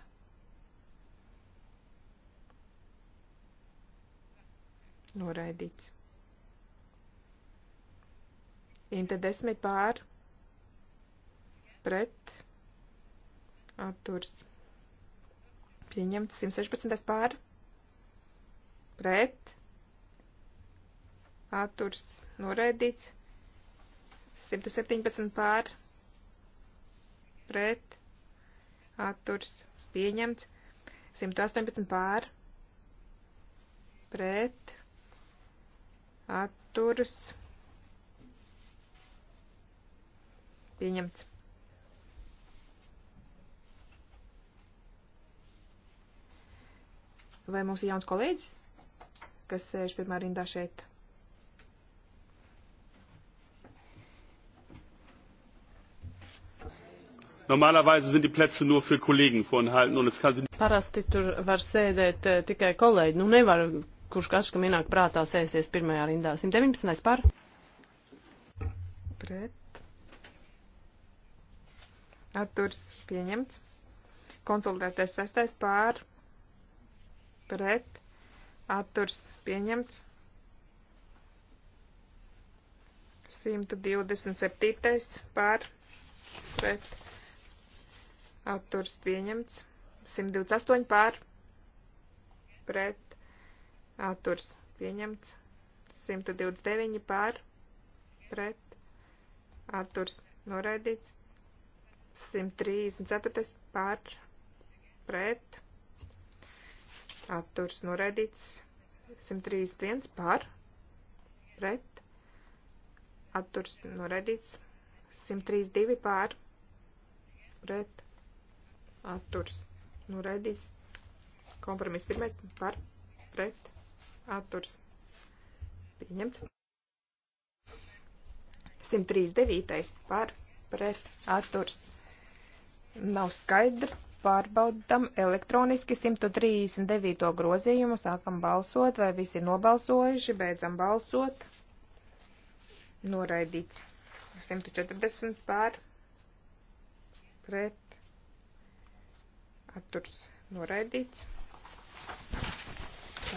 [SPEAKER 4] noraidīts. Imta desmit pār, pret, atturs, pieņemts 116 pār, pret, atturs, noraidīts, 117 pār, pret, atturs, pieņemts, 118 pār, pret, atturas pieņemts. Vai mums ir jauns kolēģis, kas sēž pirmā rindā šeit?
[SPEAKER 1] Normalerweise sind die Plätze nur für Kollegen vorenthalten und es kann sie
[SPEAKER 2] Parasti tur var sēdēt eh, tikai kolēģi. Nu nevar kurš katrs, kam ienāk prātā sēsties pirmajā rindā. 119. par.
[SPEAKER 4] Pret. Atturs pieņemts. Konsultēties sestais pār. Pret. Atturs pieņemts. 127. pār. Pret. Atturs pieņemts. 128 pār. Pret atturs pieņemts. 129 pār pret atturs noraidīts. 134 pār pret atturs noraidīts. 131 pār pret atturs noraidīts. 132 pār pret atturs noraidīts. Kompromiss pirmais par pret atturs pieņemts. 139. par pret atturs nav skaidrs. Pārbaudam elektroniski 139. grozījumu, sākam balsot, vai visi ir nobalsojuši, beidzam balsot. Noraidīts 140 pār pret atturs noraidīts.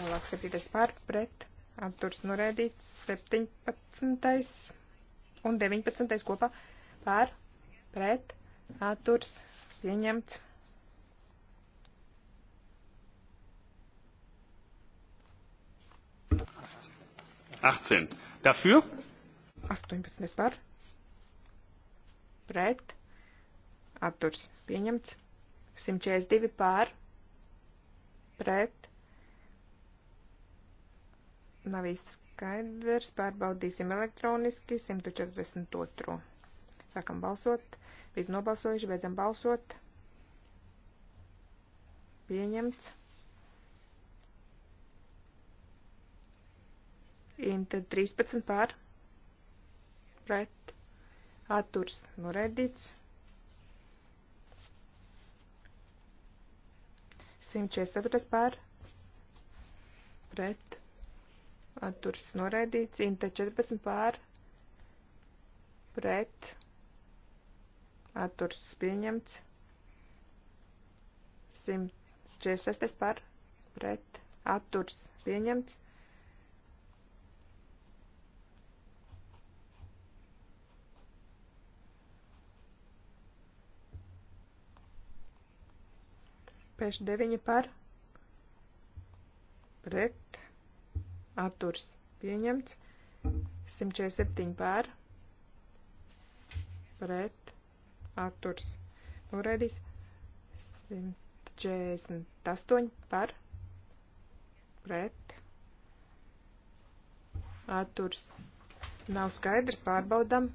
[SPEAKER 4] Tālāk 7. pār pret atturs norēdīts 17. un 19. kopā pār pret atturs pieņemts. Dafür? 18. par. Pret. Atturs. Pieņemts. 142 pār. Pret Nav īsti skaidrs. Pārbaudīsim elektroniski 142. Sākam balsot. Visi nobalsojuši, beidzam balsot. Pieņemts. Inta 13 pār. Pret. Atturs noredīts. 144 pār. Pret atturas noraidīts, Inte 14 pār pret atturas pieņemts, 146 pār pret atturas pieņemts. Pēš 9 par pret atturs pieņemts, 147 pār, pret, atturs noraidīts, 148 pār, pret, atturs nav skaidrs, pārbaudam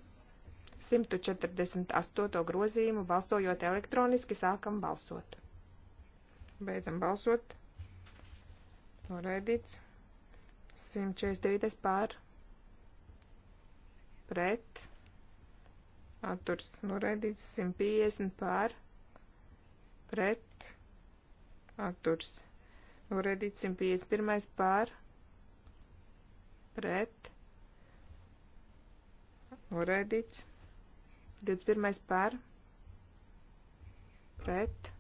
[SPEAKER 4] 148 grozījumu, balsojot elektroniski, sākam balsot. Beidzam balsot. Noraidīts. 149 pār pret atturs noraidīts 150 pār pret atturs noraidīts 151 pār pret noraidīts 21 pār pret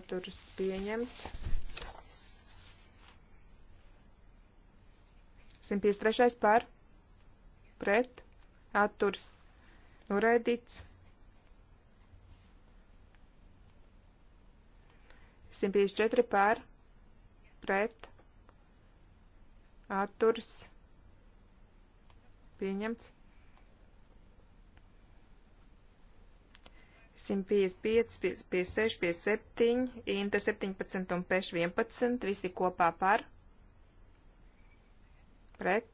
[SPEAKER 4] atturs pieņemts 153. par pret atturs noraidīts. 154 par pret atturs pieņemts. 155, 56, 57, Inta 17 un Peš 11, visi kopā par pret,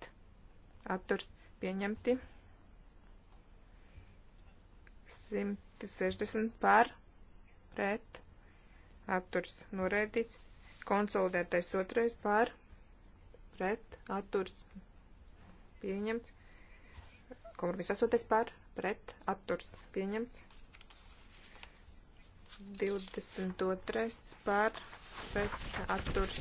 [SPEAKER 4] atturs pieņemti. 160 par, pret, atturs noraidīts. Konsolidētais otrais par, pret, atturs pieņemts. Kompromiss astotais par, pret, atturs pieņemts. 22 par, pret, atturs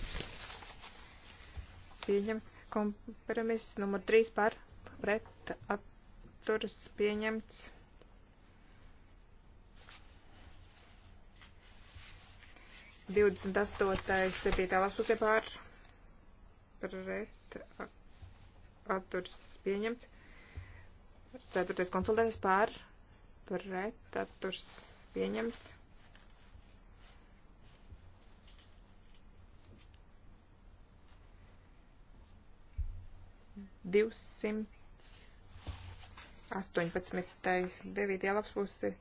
[SPEAKER 4] pieņemts. Kompromiss numur 3 par pret atturas pieņemts. Divdesmit astotais, septītā lapusē pār, pret, atturs pieņemts. Ceturtais konsultētais pār, pret, atturs pieņemts. 218. 9. lapspusi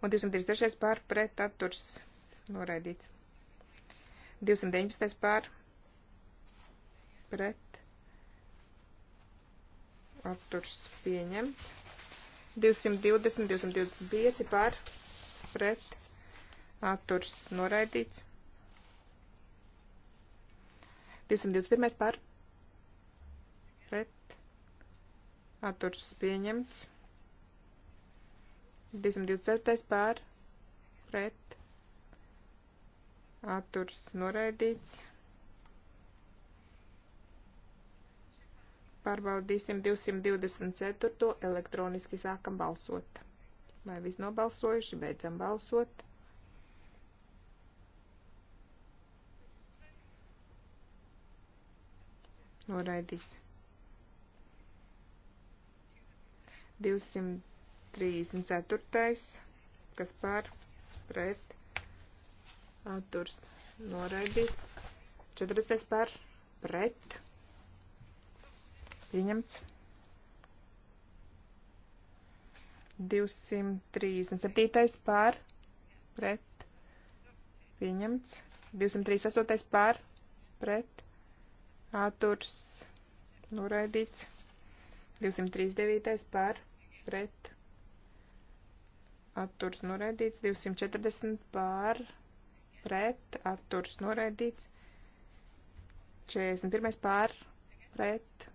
[SPEAKER 4] un 236. pār pret atturs noraidīts. 219. pār pret atturs pieņemts. 220, 225 pār pret atturs noraidīts. 221 pār pret atturs pieņemts. 227. pār pret atturs noraidīts. Pārbaudīsim 224. elektroniski sākam balsot. Vai viss nobalsojuši? Beidzam balsot. Noraidīts. 234. kas par pret atturs noraidīts. 40. par pret pieņemts. 237. par pret pieņemts. 238. par pret atturs noraidīts. 239. par pret pret atturs noraidīts, 240 pār pret atturs noraidīts, 41 pār pret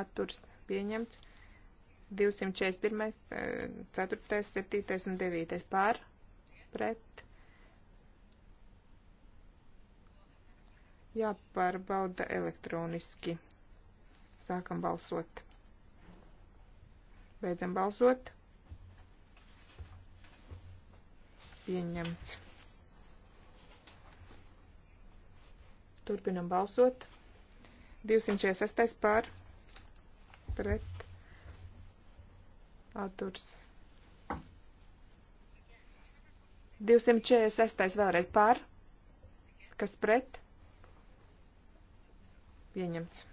[SPEAKER 4] atturs pieņemts, 241, 4, 7 un 9 pār pret. Jāpārbauda elektroniski. Sākam balsot. Beidzam balsot. Pieņemts. Turpinam balsot. 246 pār pret atturs. 246 vēlreiz pār, kas pret pieņemts.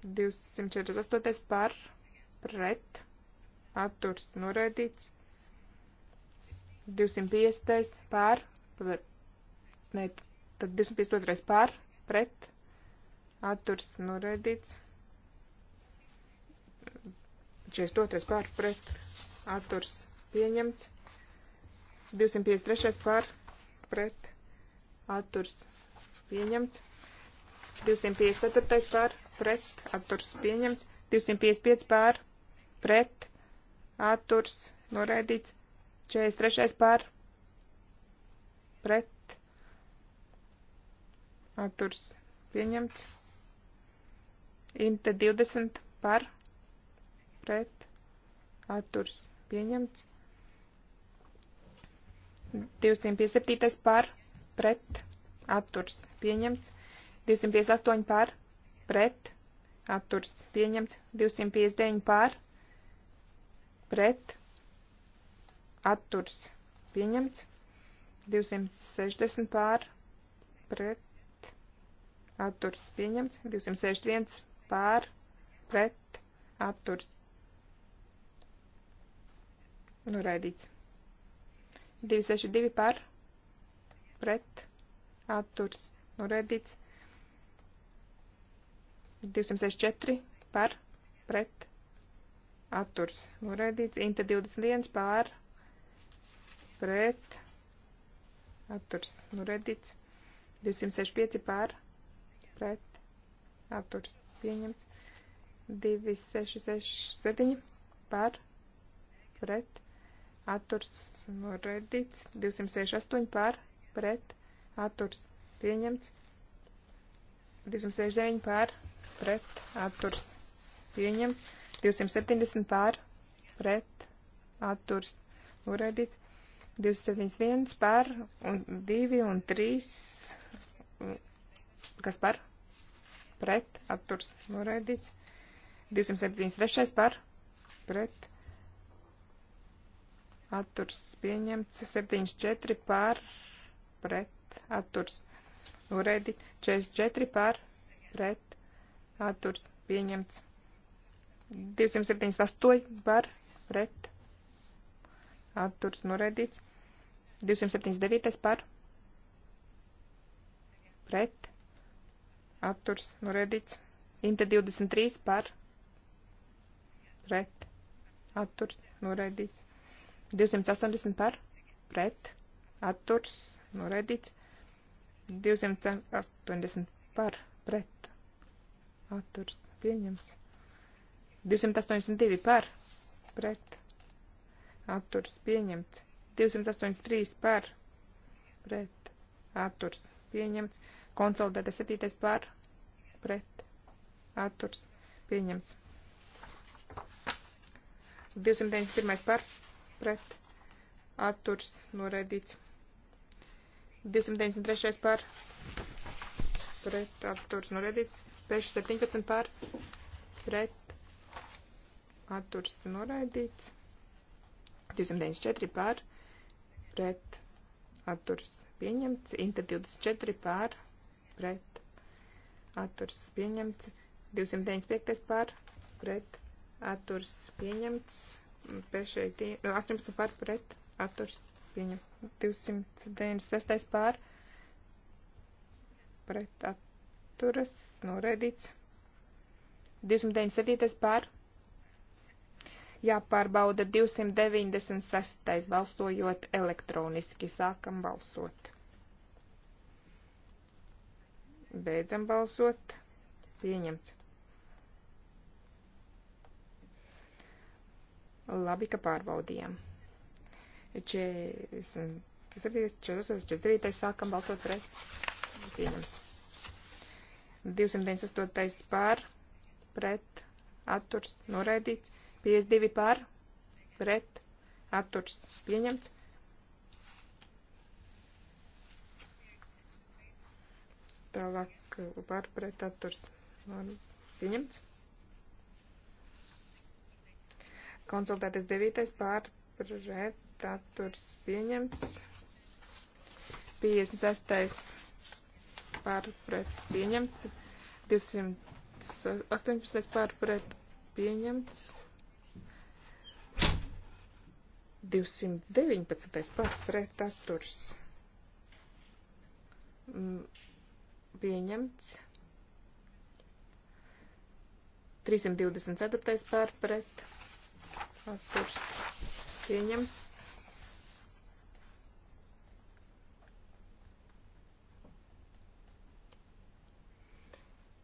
[SPEAKER 4] 248 par pret atturs noraidīts. 250 par pret, ne, tad 252 par pret atturs noraidīts. 42 par pret atturs pieņemts. 253 par pret atturs pieņemts. 254 par pret pret atturs pieņemts, 255 pār pret atturs noraidīts, 43 pār pret atturs pieņemts, imta 20 par pret atturs pieņemts, 257 par pret atturs pieņemts, 258 par pret, atturs pieņemts, 259 pār, pret, atturs pieņemts, 260 pār, pret, atturs pieņemts, 261 pār, pret, atturs noraidīts. 262 pār, pret, atturs noraidīts. 264 par pret atturs noraidīts. Inta 21 par pret atturs noraidīts. 265 par pret atturs pieņemts. 2667 par pret atturs noraidīts. 268 par pret atturs pieņemts. 269 par pret pret atturs pieņemts, 270 pār pret atturs noraidīts, 271 pār un 2 un 3, kas par pret atturs noraidīts, 273 pār pret atturs pieņemts, 74 pār pret atturs noraidīts, 44 pār pret atturs pieņemts. 278 par pret atturs noraidīts. 279 par pret atturs noraidīts. Inte 23 par pret atturs noraidīts. 280 par pret atturs noraidīts. 280 par pret atturs pieņemts. 282 par, pret, atturs pieņemts. 283 par, pret, atturs pieņemts. Konsolidēta 7 par, pret, atturs pieņemts. 291 par, pret, atturs noraidīts. 293 par, pret, atturs noraidīts. 617 pār pret atturs noraidīts. 294 pār pret atturs pieņemts. Inter 24 pār pret atturs pieņemts. 295 pār pret atturs pieņemts. Pešai 18 pār pret atturs pieņemts. 296 pār pret atturs atturas noraidīts. 297. pār. Jāpārbauda 296. balsojot elektroniski. Sākam balsot. Beidzam balsot. Pieņemts. Labi, ka pārbaudījām. 47, 48, 49. sākam balsot pret. Pieņemts. 298 pār, pret, atturs, noraidīts, 52 pār, pret, atturs, pieņemts. Tālāk par pret atturs pieņemts. Konsultēties 9. pār pret atturs pieņemts. 56 pārpret pieņemts, 218 pārpret pieņemts, 219 pārpret mm, atturs pieņemts, 324 pārpret atturs pieņemts.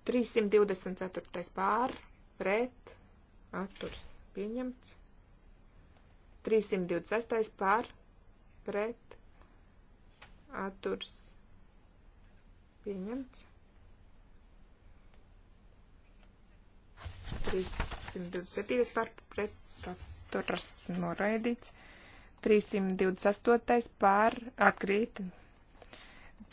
[SPEAKER 4] 324. pār, pret, atturs pieņemts. 326. pār, pret, atturs pieņemts. 327. pār, pret, atturs noraidīts. 328. pār, atkrīt, pieņemts.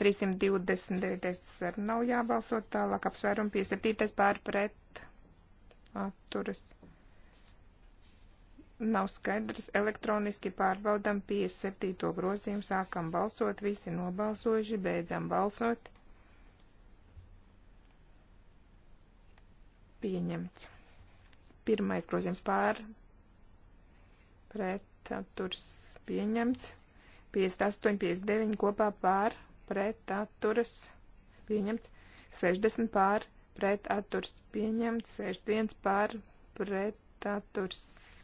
[SPEAKER 4] 329. nav jābalso tālāk apsvērumu 57. pār pret atturas. Nav skaidrs, elektroniski pārbaudam 57. grozījumu, sākam balsot, visi nobalsojuši, beidzam balsot. Pieņemts. Pirmais grozījums pār pret atturs pieņemts. 58, 59 kopā pār pret pret atturas pieņemts 60 pār pret atturs pieņemts 61 pār pret atturs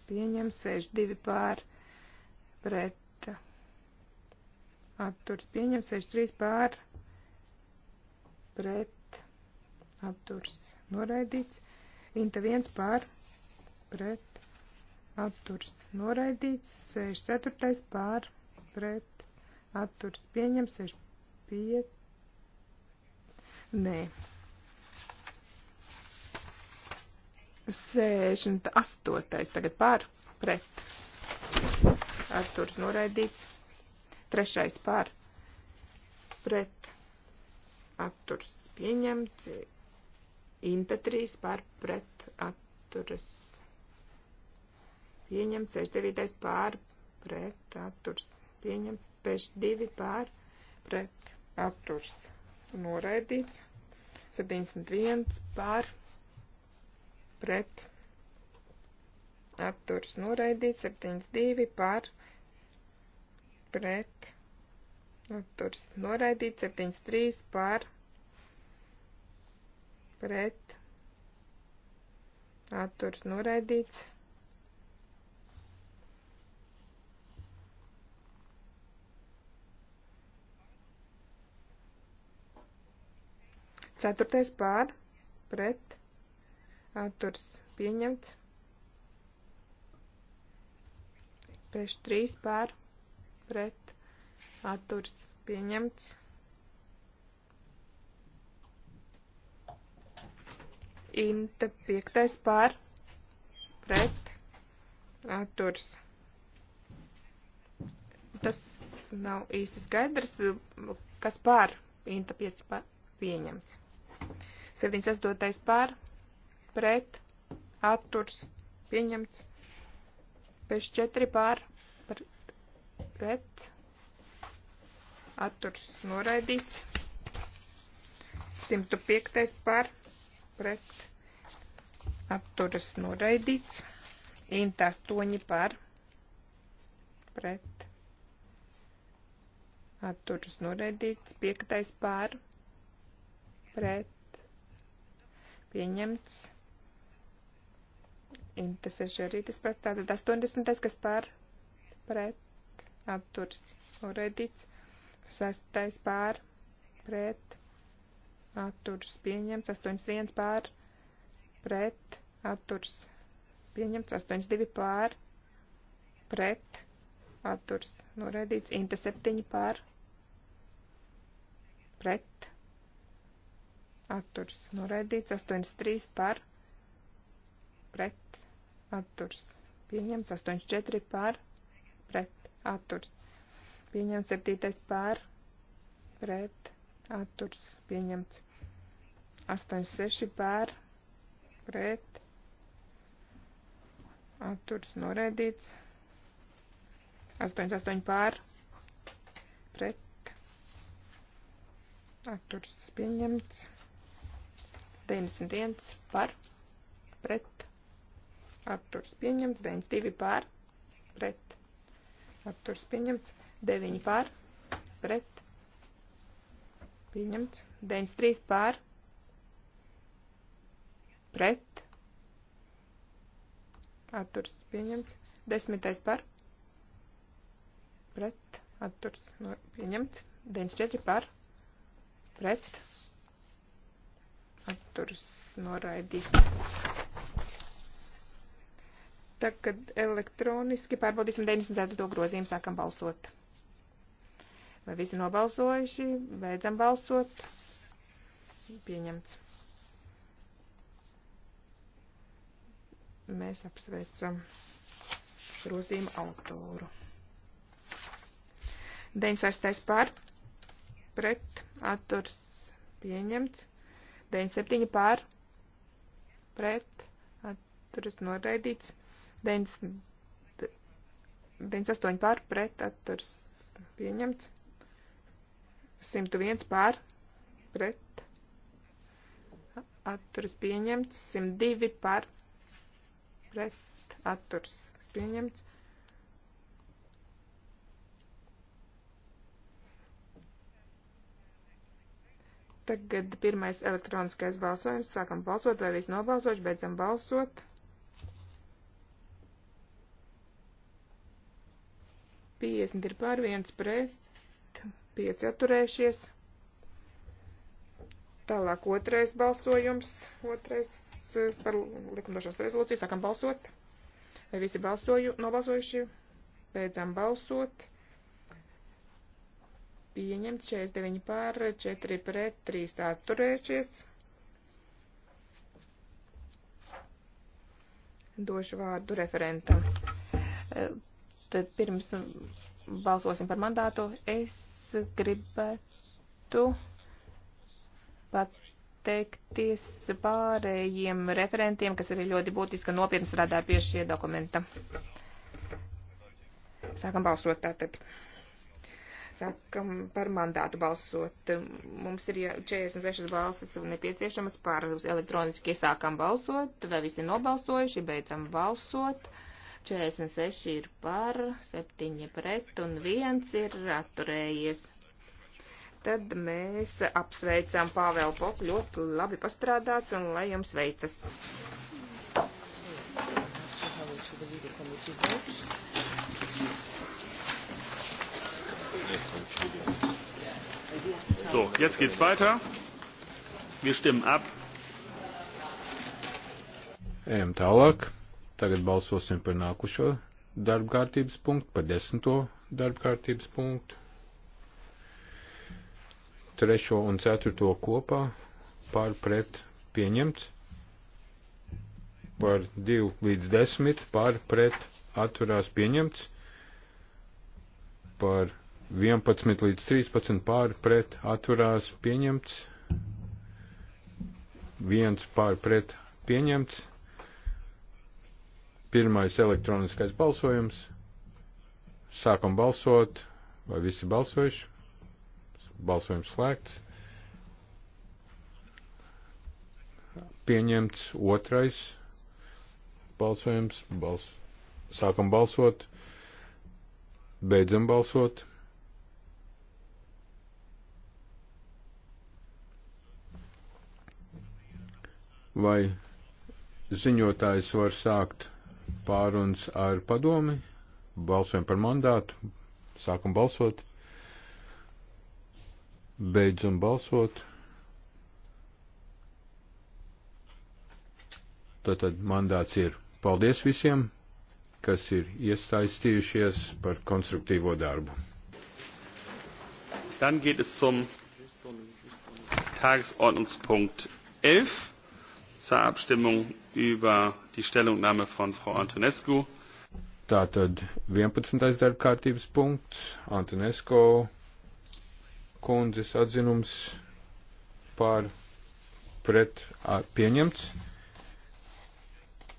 [SPEAKER 4] pieņemts 62 pār pret atturs pieņemts 63 pār pret atturs noraidīts Inta 1 pār pret atturs noraidīts 64 pār pret atturs pieņemts 6 pie... Nē. 68. tagad pār pret. Arturs noraidīts. Trešais pār pret. Arturs pieņemts. Inta 3 pār pret. Arturs pieņemts. 69. pār pret. Arturs pieņemts. Peš 2 pār pret atturs noraidīts, 71 pār pret atturs noraidīts, 72 pār pret atturs noraidīts, 73 pār pret atturs noraidīts. Ceturtais pār pret atturs pieņemts. Pēc trīs pār pret atturs pieņemts. Inta piektais pār pret atturs. Tas nav īsti skaidrs, kas pār Inta 5 pieņemts. 78. par, pret, atturs, pieņemts. Pēc 4 par, par, pret, atturs, noraidīts. 105. par, pret, atturs, noraidīts. Inta 8 par, pret, atturs, noraidīts. 5. par, pret, pieņemts. Inta sešerītis pret tātad 80. kas pār pret atturs noraidīts. Sestais pār pret atturs pieņemts. 81 pār pret atturs pieņemts. 82 pār pret atturs noraidīts. Inta septiņi pār pret atturs noraidīts, 83 par pret atturs pieņemts, 84 par pret atturs pieņemts, 7 par pret atturs pieņemts, 86 par pret atturs noraidīts, 88 par pret atturs pieņemts. 91 par pret atturs pieņemts, 92 par pret atturs pieņemts, 9 par pret pieņemts, 93 par pret atturs pieņemts, 10 par pret atturs pieņemts, 94 par pret atturas noraidīts. Tagad elektroniski pārbaudīsim 94. grozījumu, sākam balsot. Vai visi nobalsojuši? Beidzam balsot. Pieņemts. Mēs apsveicam grozījuma autoru. 96. pār pret atturs pieņemts. 97 pār pret atturas noraidīts. 98 pār pret atturas pieņemts. 101 pār pret atturas pieņemts. 102 pār pret atturas pieņemts. Tagad pirmais elektroniskais balsojums. Sākam balsot, vai viss nobalsoši, beidzam balsot. Piesmit ir pār viens pret, pieci atturējušies. Tālāk otrais balsojums, otrais eh, par likumdošanas rezolūciju. Sākam balsot. Vai visi balsoju, nobalsojuši? Beidzam balsot pieņemts 49 pār, 4 pret, 3 atturējušies. Došu vārdu referentam. E, tad pirms balsosim par mandātu, es gribētu pateikties pārējiem referentiem, kas arī ļoti būtiski un nopietni strādā pie šie dokumenta. Sākam balsot tātad sākam par mandātu balsot. Mums ir 46 balsis nepieciešamas par elektroniski sākam balsot, vai visi nobalsojuši, beidzam balsot. 46 ir par, 7 pret un 1 ir atturējies. Tad mēs apsveicam Pāvēlu Popu, ļoti labi pastrādāts un lai jums veicas. So,
[SPEAKER 1] So, jetzt geht es weiter. Wir stimmen ab.
[SPEAKER 3] Ejam tālāk. Tagad balsosim par nākušo darba kārtības punktu, par desmito darba kārtības punktu. Trešo un ceturto kopā pār pret pieņemts. Par 2 līdz 10 pār pret atturās pieņemts. Par 11 līdz 13 pār pret atturās pieņemts, 1 pār pret pieņemts, pirmais elektroniskais balsojums, sākam balsot, vai visi balsojuši, balsojums slēgts, pieņemts otrais balsojums, bals, sākam balsot, beidzam balsot, Vai ziņotājs var sākt pārunas ar padomi? Balsojam par mandātu. Sākam balsot. Beidzam balsot. Tātad mandāts ir. Paldies visiem, kas ir iesaistījušies par konstruktīvo darbu.
[SPEAKER 1] Dann geht es zum Tagesordnungspunkt 11 zur Abstimmung über die Stellungnahme von Frau Antonescu.
[SPEAKER 3] Tātad 11. darba kārtības punkts - Antonesko kundzes atzinums par pret pieņemts,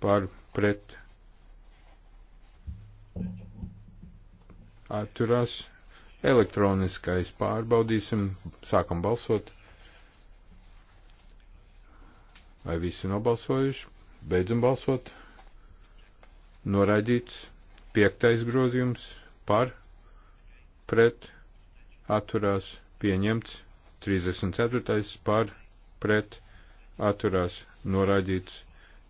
[SPEAKER 3] par pret atturās elektroniskais pārbaudīsim, sākam balsot. Vai visi nobalsojuši? Beidzam balsot. Noraidīts piektais grozījums par, pret, atturās, pieņemts. 34. par, pret, atturās, noraidīts.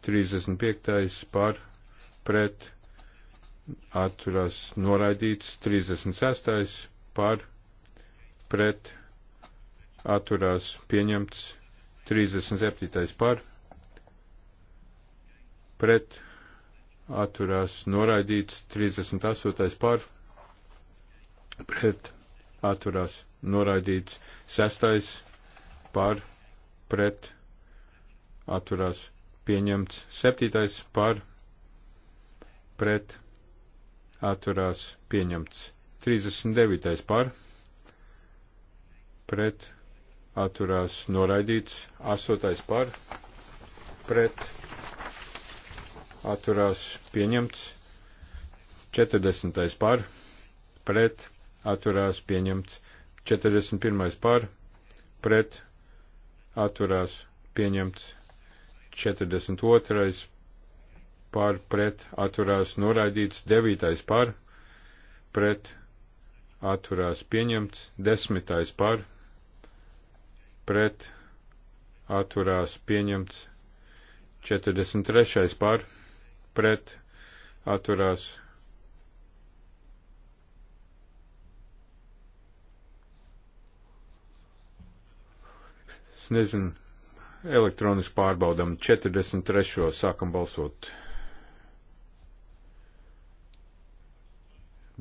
[SPEAKER 3] 35. par, pret, atturās, noraidīts. 36. par, pret, atturās, pieņemts. 37. par pret atturās noraidīts 38. par pret atturās noraidīts 6. par pret atturās pieņemts 7. par pret atturās pieņemts 39. par pret atturās noraidīts, astotais par, pret, atturās pieņemts, četrdesmitais par, pret, atturās pieņemts, četrdesmit pirmais par, pret, atturās pieņemts, četrdesmit otrais par, pret, atturās noraidīts, devītais par, pret, atturās pieņemts, desmitais par, pret, pret atturās pieņemts 43. par pret atturās es nezinu elektroniski pārbaudam 43. sākam balsot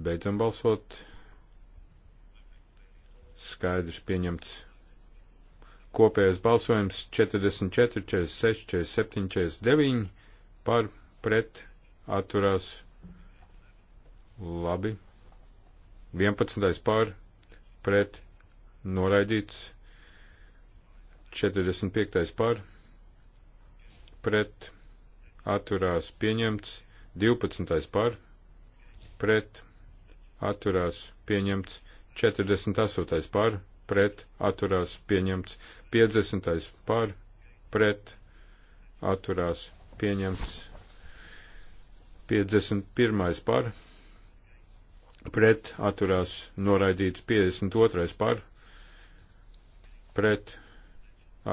[SPEAKER 3] beidzam balsot skaidrs pieņemts Kopējais balsojums 44, 46, 47, 49 par pret atturās labi. 11. par pret noraidīts. 45. par pret atturās pieņemts. 12. par pret atturās pieņemts. 48. par pret atturās pieņemts 50. par pret atturās pieņemts 51. par pret atturās noraidīts 52. par pret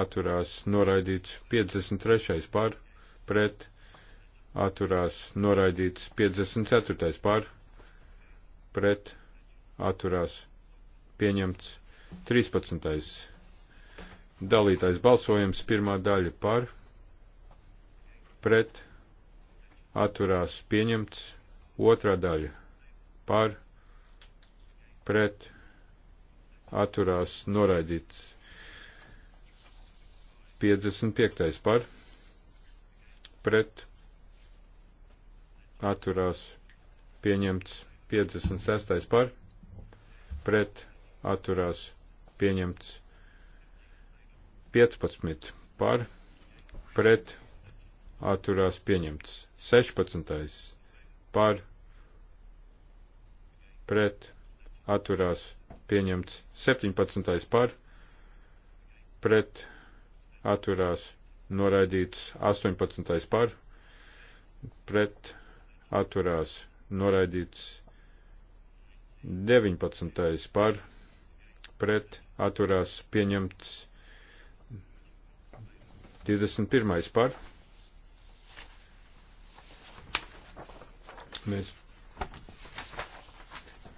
[SPEAKER 3] atturās noraidīts 53. par pret atturās noraidīts 54. par pret atturās pieņemts 13. Dalītais balsojums pirmā daļa par, pret, atturās pieņemts, otrā daļa par, pret, atturās noraidīts, 55. par, pret, atturās pieņemts, 56. par, pret, atturās pieņemts 15 par, pret, atturās pieņemts 16 par, pret, atturās pieņemts 17 par, pret, atturās noraidīts 18 par, pret, atturās noraidīts 19. par pret atturās pieņemts 21. par. Mēs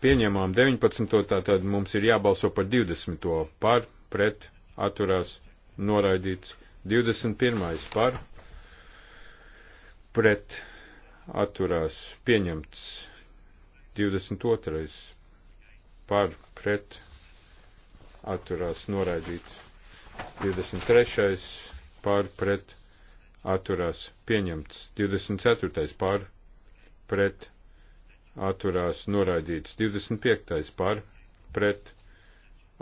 [SPEAKER 3] pieņemām 19. tātad mums ir jābalso par 20. par, pret, atturās, noraidīts. 21. par, pret, atturās, pieņemts. 22. par, pret, atturās noraidīts. 23. pār pret atturās pieņemts. 24. pār pret atturās noraidīts. 25. pār pret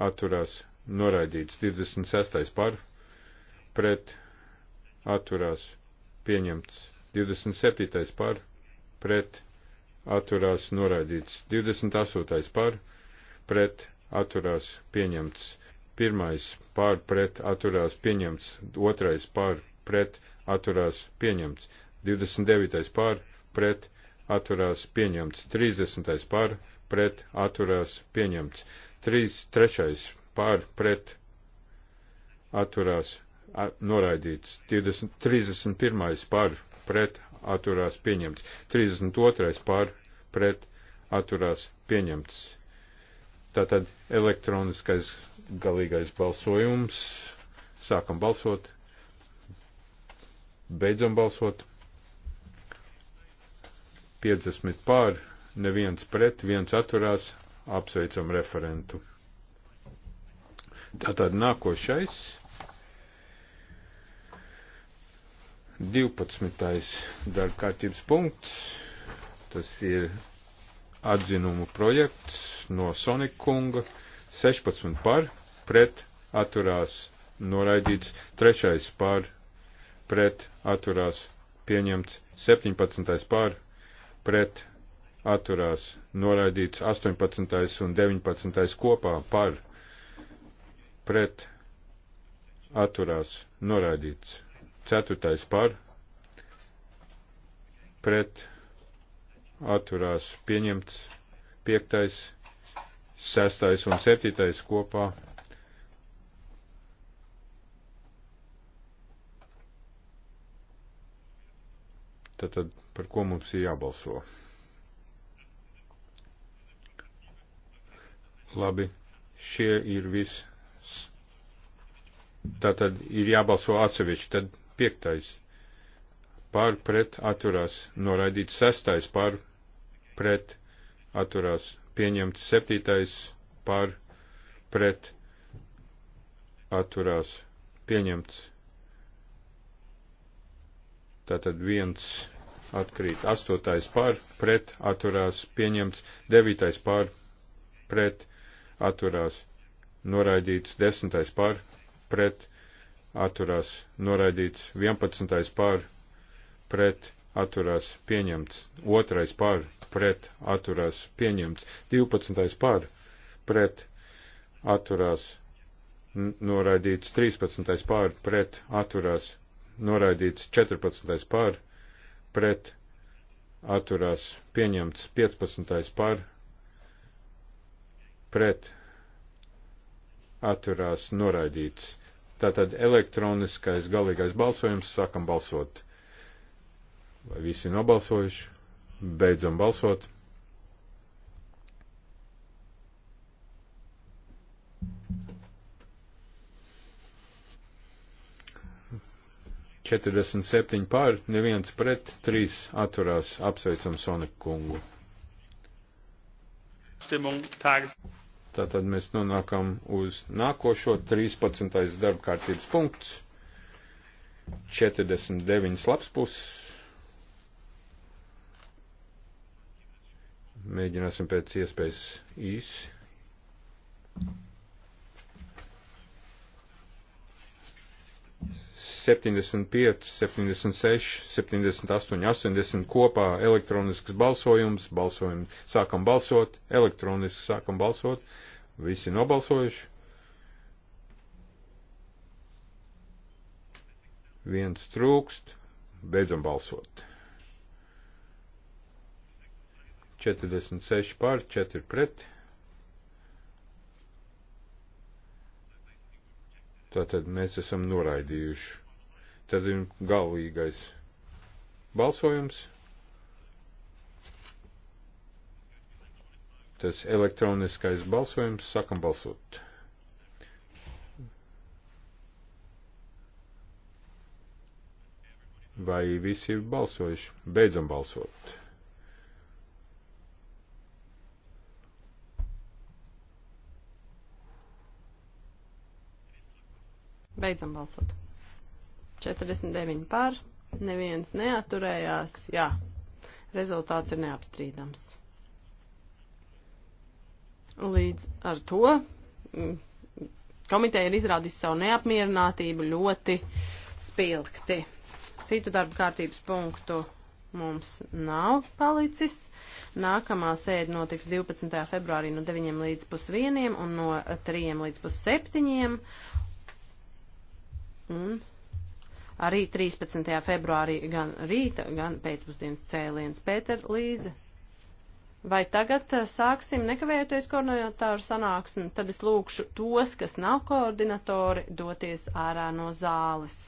[SPEAKER 3] atturās noraidīts. 26. pār pret atturās pieņemts. 27. pār pret atturās noraidīts. 28. pār pret atturās pieņemts. Pirmais pār pret atturās pieņemts. Otrais pār pret atturās pieņemts. 29. pār pret atturās pieņemts. 30. pār pret atturās pieņemts. 3. Trešais pār pret atturās noraidīts. 20, 31. pār pret atturās pieņemts. 32. pār pret atturās pieņemts. Tātad elektroniskais galīgais balsojums. Sākam balsot. Beidzam balsot. 50 pār, neviens pret, viens atturās. Apsveicam referentu. Tātad nākošais. 12. darbkārtības punkts. Tas ir atzinumu projekts no Sonikunga 16 par, pret atturās noraidīts, 3 par, pret atturās pieņemts, 17 par, pret atturās noraidīts, 18 un 19 kopā par, pret atturās noraidīts, 4 par, pret atturās atturās pieņemts 5., 6. un 7. kopā. Tātad par ko mums ir jābalso? Labi, šie ir viss. Tātad ir jābalso atsevišķi, tad piektais pār pret atturās noraidīts sestais pār pret atturās pieņemts septītais pār pret atturās pieņemts. Tātad viens atkrīt, astotais pār pret atturās pieņemts, devītais pār pret atturās noraidīts, desmitais pār pret atturās noraidīts, vienpadsmitais pār pret pret atturās pieņemts, otrais par pret atturās pieņemts, 12. par pret atturās noraidīts, 13. par pret atturās noraidīts, 14. par pret atturās pieņemts, 15. par pret atturās noraidīts. Tātad elektroniskais galīgais balsojums sākam balsot. Vai visi nobalsojuši? Beidzam balsot. Četrdesmit septiņi pār, neviens pret, trīs atturās, apsveicam Soniku kungu. Tātad mēs nonākam uz nākošo 13. darba kārtības punkts, 49 laps puses. Mēģināsim pēc iespējas īsi. Septiņdesmit pieci, septiņdesmit seši, septiņdesmit astoņi, astoņdesmit kopā elektronisks balsojums, balsojumi sākam balsot, elektroniski sākam balsot, visi nobalsojuši. Viens trūkst, beidzam balsot. 46 pār, 4 pret. Tātad mēs esam noraidījuši. Tad ir galīgais balsojums. Tas elektroniskais balsojums. Sakam balsot. Vai visi ir balsojuši? Beidzam balsot.
[SPEAKER 2] Beidzam balsot. 49 par, neviens neaturējās, jā, rezultāts ir neapstrīdams. Līdz ar to mm, komiteja ir izrādījusi savu neapmierinātību ļoti spilgti. Citu darba kārtības punktu mums nav palicis. Nākamā sēde notiks 12. februārī no 9 līdz pusvieniem un no 3 līdz pusseptiņiem. Un arī 13. februārī gan rīta, gan pēcpusdienas cēliens. Pēter Līze, vai tagad eh, sāksim nekavējoties koordinatoru sanāksmi, tad es lūkšu tos, kas nav koordinatori, doties ārā no zāles.